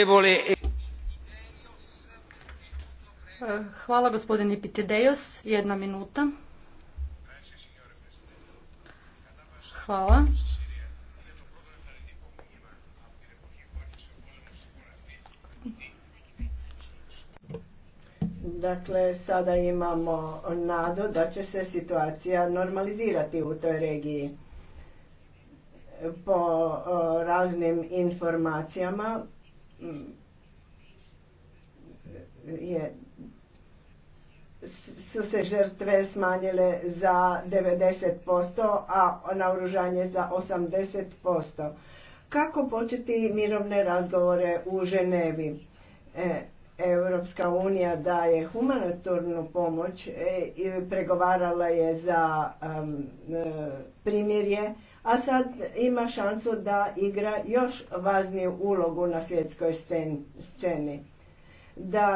Dakle, sada imamo nadu da će se situacija normalizirati u toj regiji. Po raznim informacijama mm, je, su se žrtve smanjile za 90%, a naoružanje za 80%. Kako početi mirovne razgovore u Ženevi? E, Europska unija daje humanitarnu pomoć e, i pregovarala je za e, primjerje, a sad ima šansu da igra još važniju ulogu na svjetskoj sceni. Da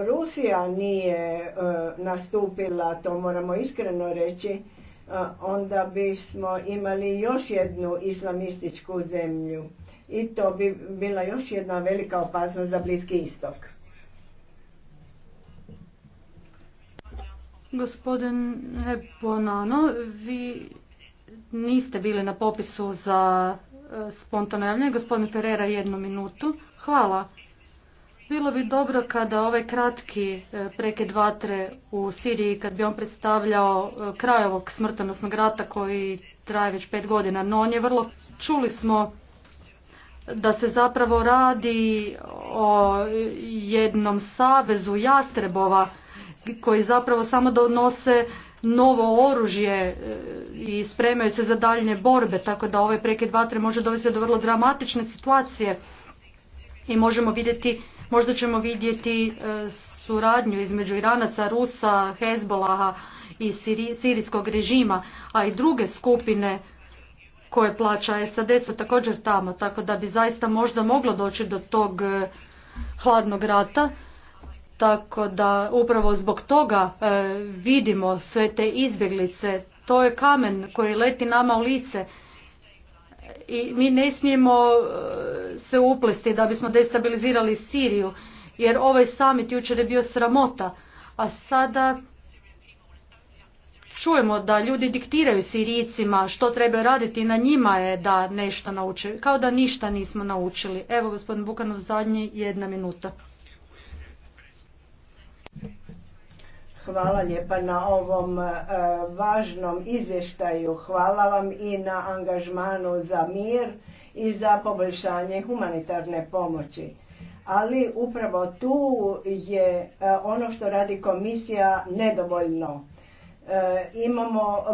e, Rusija nije nastupila, to moramo iskreno reći, onda bismo imali još jednu islamističku zemlju i to bi bila još jedna velika opasnost za Bliski istok. Gospodin Bonano, vi niste bili na popisu za e, spontano javljanje. Gospodin Ferreira, jednu minutu. Hvala. Bilo bi dobro kada ovaj kratki e, prekid vatre u Siriji, kad bi on predstavljao e, kraj ovog smrtonosnog rata koji traje već pet godina, no on je vrlo... Čuli smo da se zapravo radi o jednom savezu jastrebova koji zapravo samo donose novo oružje e, i spremaju se za daljnje borbe, tako da ovaj prekid vatre može dovesti do vrlo dramatične situacije i možemo vidjeti, možda ćemo vidjeti e, suradnju između Iranaca, Rusa, Hezbolaha i sirijskog režima, a i druge skupine koje plaća SAD su također tamo, tako da bi zaista možda moglo doći do tog e, hladnog rata tako da upravo zbog toga e, vidimo sve te izbjeglice. To je kamen koji leti nama u lice. I mi ne smijemo e, se uplesti da bismo destabilizirali Siriju, jer ovaj summit jučer je bio sramota. A sada čujemo da ljudi diktiraju Sirijcima što treba raditi na njima je da nešto nauče. Kao da ništa nismo naučili. Evo gospodin Bukanov zadnji jedna minuta. Hvala lijepa na ovom e, važnom izvještaju. Hvala vam i na angažmanu za mir i za poboljšanje humanitarne pomoći. Ali upravo tu je e, ono što radi komisija nedovoljno. E, imamo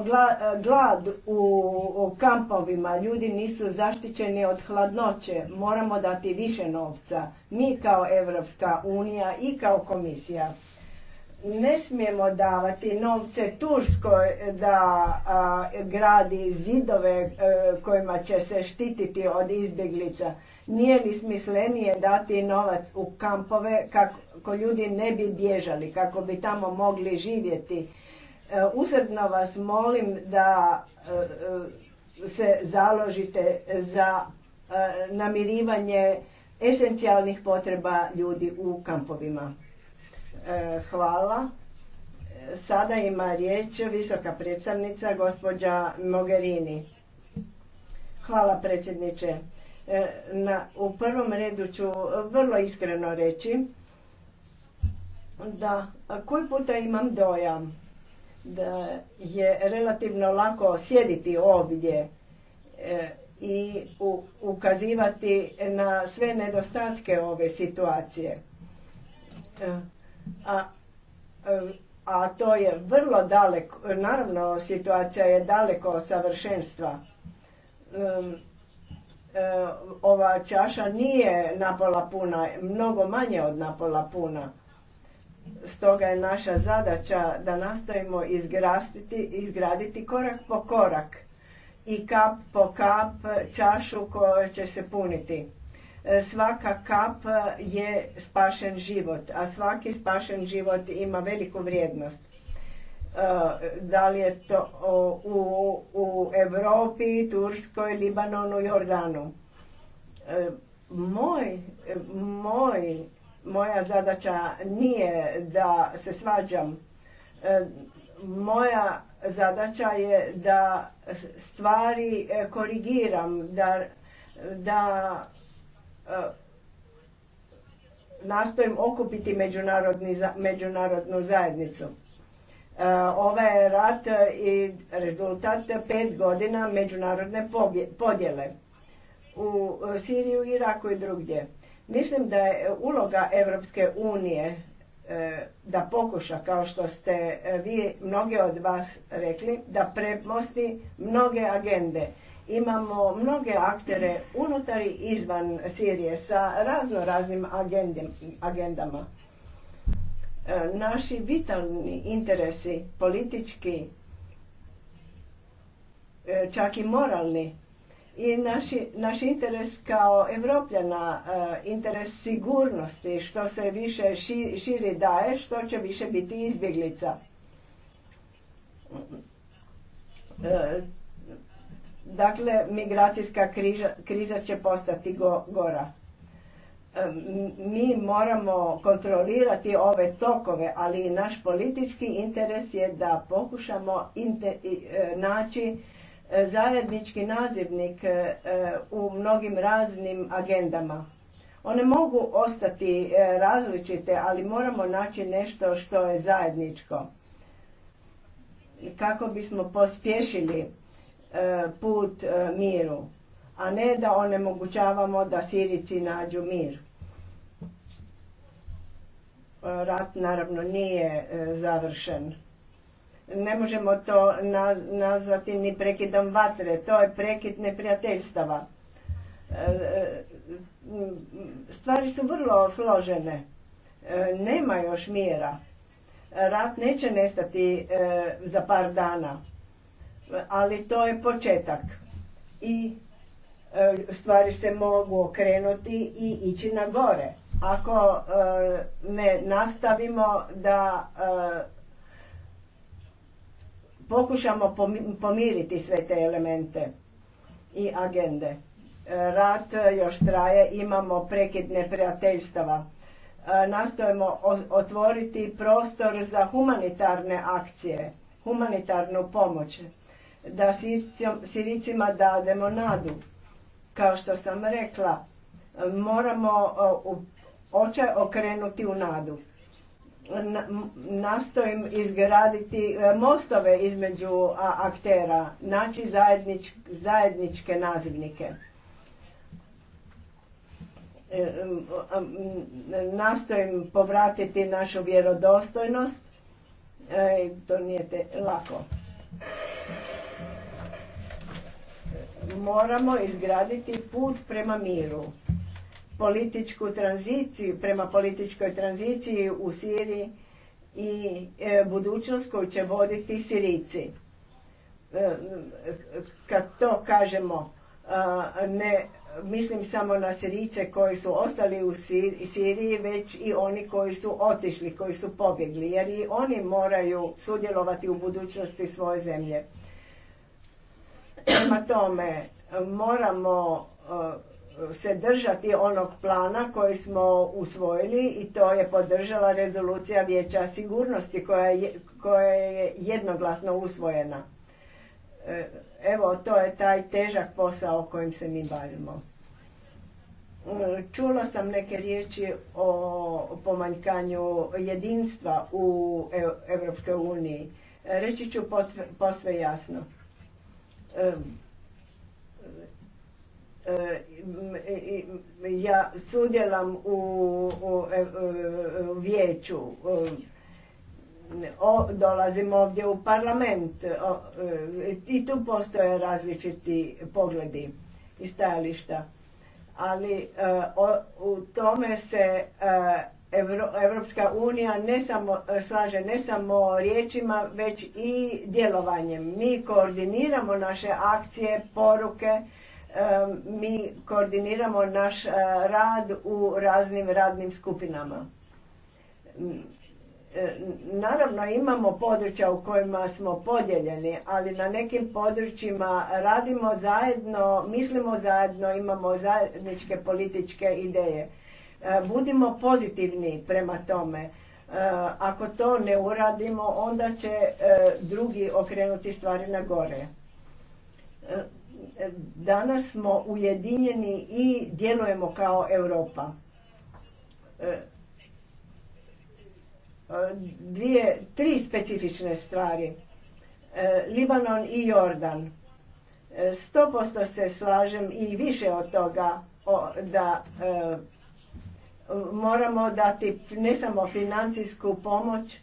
glad u kampovima, ljudi nisu zaštićeni od hladnoće, moramo dati više novca. Mi kao Evropska unija i kao komisija ne smijemo davati novce Turskoj da gradi zidove e, kojima će se štititi od izbjeglica. Nije li smislenije dati novac u kampove kako ljudi ne bi bježali, kako bi tamo mogli živjeti? E, usredno vas molim da e, se založite za namirivanje esencijalnih potreba ljudi u kampovima. E, hvala. Sada ima riječ visoka predstavnica gospođa Mogherini. Hvala predsjedniče. E, u prvom redu ću vrlo iskreno reći da koji puta imam dojam da je relativno lako sjediti ovdje e, i ukazivati na sve nedostatke ove situacije a, a to je vrlo daleko, naravno situacija je daleko od savršenstva. E, ova čaša nije napola puna, mnogo manje od napola puna. Stoga je naša zadaća da nastavimo izgraditi korak po korak i kap po kap čašu koja će se puniti svaka kap je spašen život, a svaki spašen život ima veliku vrijednost. E, da li je to u, u Europi, Turskoj, Libanonu, Jordanu. E, moj, moj, moja zadaća nije da se svađam. E, moja zadaća je da stvari korigiram, da, da E, nastojim okupiti međunarodnu zajednicu. E, ovaj je rat i rezultat pet godina međunarodne podjele u Siriju, Iraku i drugdje. Mislim da je uloga Europske unije e, da pokuša, kao što ste vi mnoge od vas rekli, da premosti mnoge agende Imamo mnoge aktere unutar i izvan Sirije sa razno raznim agendama. E, naši vitalni interesi, politički, e, čak i moralni, i naši, naš interes kao evropljana, e, interes sigurnosti, što se više širi, daje, što će više biti izbjeglica. Dakle, migracijska kriza će postati go, gora. Mi moramo kontrolirati ove tokove, ali i naš politički interes je da pokušamo e, naći e, zajednički nazivnik e, u mnogim raznim agendama. One mogu ostati različite, ali moramo naći nešto što je zajedničko. Kako bismo pospješili E, put e, miru, a ne da onemogućavamo da Sirici nađu mir. E, rat naravno nije završen. Ne možemo to nazvati ni prekidom vatre, to je prekid neprijateljstava. Stvari su vrlo složene, nema još mira. Rat neće nestati za par dana ali to je početak. I e, stvari se mogu okrenuti i ići na gore. Ako e, ne nastavimo da e, pokušamo pomiriti sve te elemente i agende. Rat još traje, imamo prekid neprijateljstava. Nastojimo otvoriti prostor za humanitarne akcije, humanitarnu pomoć da siricima dademo nadu. Kao što sam rekla, moramo očaj okrenuti u nadu. nastojim izgraditi e, mostove između aktera, naći zajedničke nazivnike. E, nastojim povratiti našu vjerodostojnost, e, to nije lako moramo izgraditi put prema miru političku tranziciju prema političkoj tranziciji u Siriji i e, budućnost koju će voditi Sirici. E, kad to kažemo, ne mislim samo na Sirice koji su ostali u Siriji, već i oni koji su otišli, koji su pobjegli, jer i oni moraju sudjelovati u budućnosti svoje zemlje. Prema tome, moramo eh, se držati onog plana koji smo usvojili i to je podržala rezolucija Vijeća sigurnosti koja je, jednoglasno usvojena. Eh, evo, to je taj težak posao kojim se mi bavimo. Eh, Čula sam neke riječi o pomanjkanju jedinstva u Europskoj uniji. Reći ću posve jasno ja sudjelam e, u, vijeću o, dolazim ovdje u parlament e, i tu postoje različiti pogledi i stajališta ali e, u tome se Evropska unija ne samo, e, slaže ne samo riječima, već i djelovanjem. Mi koordiniramo naše akcije, poruke, e, mi koordiniramo naš e, rad u raznim radnim skupinama. Mm, naravno imamo područja u kojima smo podijeljeni, ali na nekim područjima radimo zajedno, mislimo zajedno, imamo zajedničke političke ideje E, budimo pozitivni prema tome. E, ako to ne uradimo, onda će e, drugi okrenuti stvari na gore. Danas smo ujedinjeni i djelujemo kao Europa. Dvije tri specifične stvari. Libanon i Jordan. 100% se slažem i više od toga da moramo dati ne samo financijsku pomoć,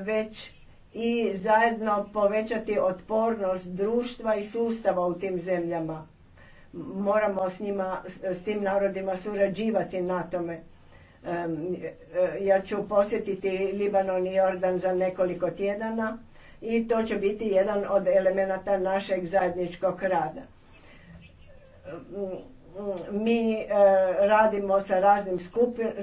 već i zajedno povećati otpornost društva i sustava u tim zemljama. Moramo s, njima, s tim narodima surađivati na tome. Ja ću posjetiti Libanon i Jordan za nekoliko tjedana i to će biti jedan od elemenata našeg zajedničkog rada Mm, mi e, radimo sa raznim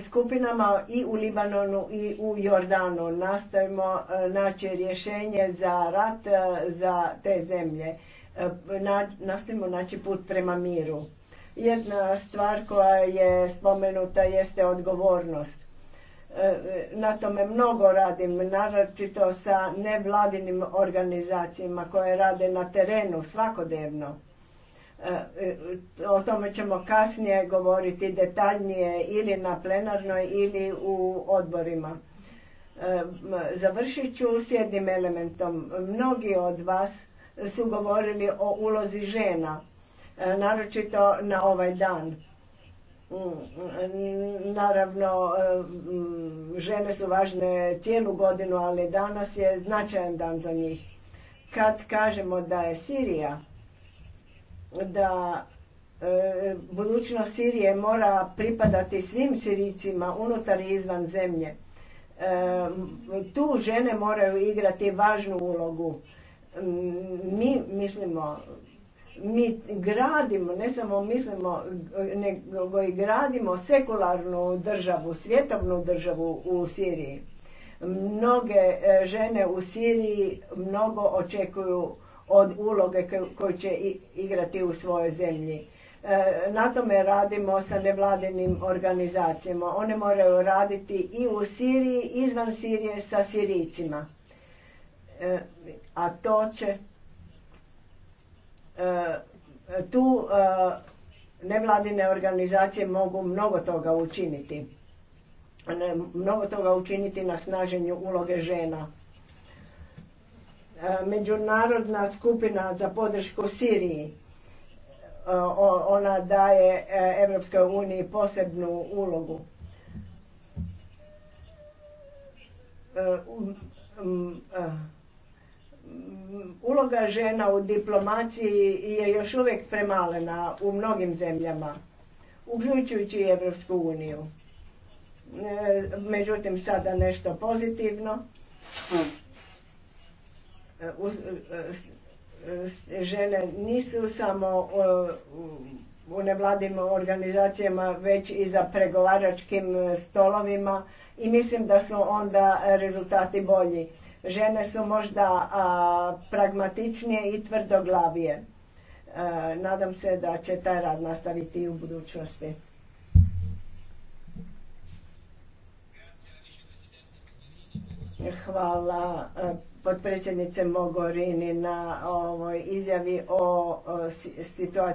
skupinama i u Libanonu i u Jordanu. Nastavimo e, naći rješenje za rat e, za te zemlje. Nastavimo naći put prema miru. Jedna stvar koja je spomenuta jeste odgovornost na tome mnogo radim, naročito sa nevladinim organizacijama koje rade na terenu svakodnevno. E, e, o tome ćemo kasnije govoriti detaljnije ili na plenarnoj ili u odborima. E, završit ću s jednim elementom. Mnogi od vas su govorili o ulozi žena, naročito na ovaj dan. Mm, naravno, žene su važne cijelu godinu, ali danas je značajan dan za njih. Kad kažemo da je Sirija da e, budućnost Sirije mora pripadati svim Sirijcima unutar i izvan zemlje. E, tu žene moraju igrati važnu ulogu. Mi mislimo, mi gradimo, ne samo mislimo, nego i gradimo sekularnu državu, svjetovnu državu u Siriji. Mnoge e, žene u Siriji mnogo očekuju od uloge koju će igrati u svojoj zemlji. E, na tome radimo sa nevladinim organizacijama. One moraju raditi i u Siriji, izvan Sirije sa Sirijcima. E, a to će e, tu nevladine organizacije mogu mnogo toga učiniti. Mnogo toga učiniti na snaženju uloge žena E, međunarodna skupina za podršku Siriji. E, ona daje Europskoj uniji posebnu ulogu. E, um, um, um, uloga žena u diplomaciji je još uvijek premalena u mnogim zemljama, uključujući i Europsku uniju. Međutim, sada nešto pozitivno. Mm žene nisu samo u nevladim organizacijama već i za pregovaračkim stolovima i mislim da su onda rezultati bolji. Žene su možda pragmatičnije i tvrdoglavije. E, nadam se da će taj rad nastaviti i u budućnosti. Hvala e, potpredsjednice Mogorini na ovoj izjavi o situaciji.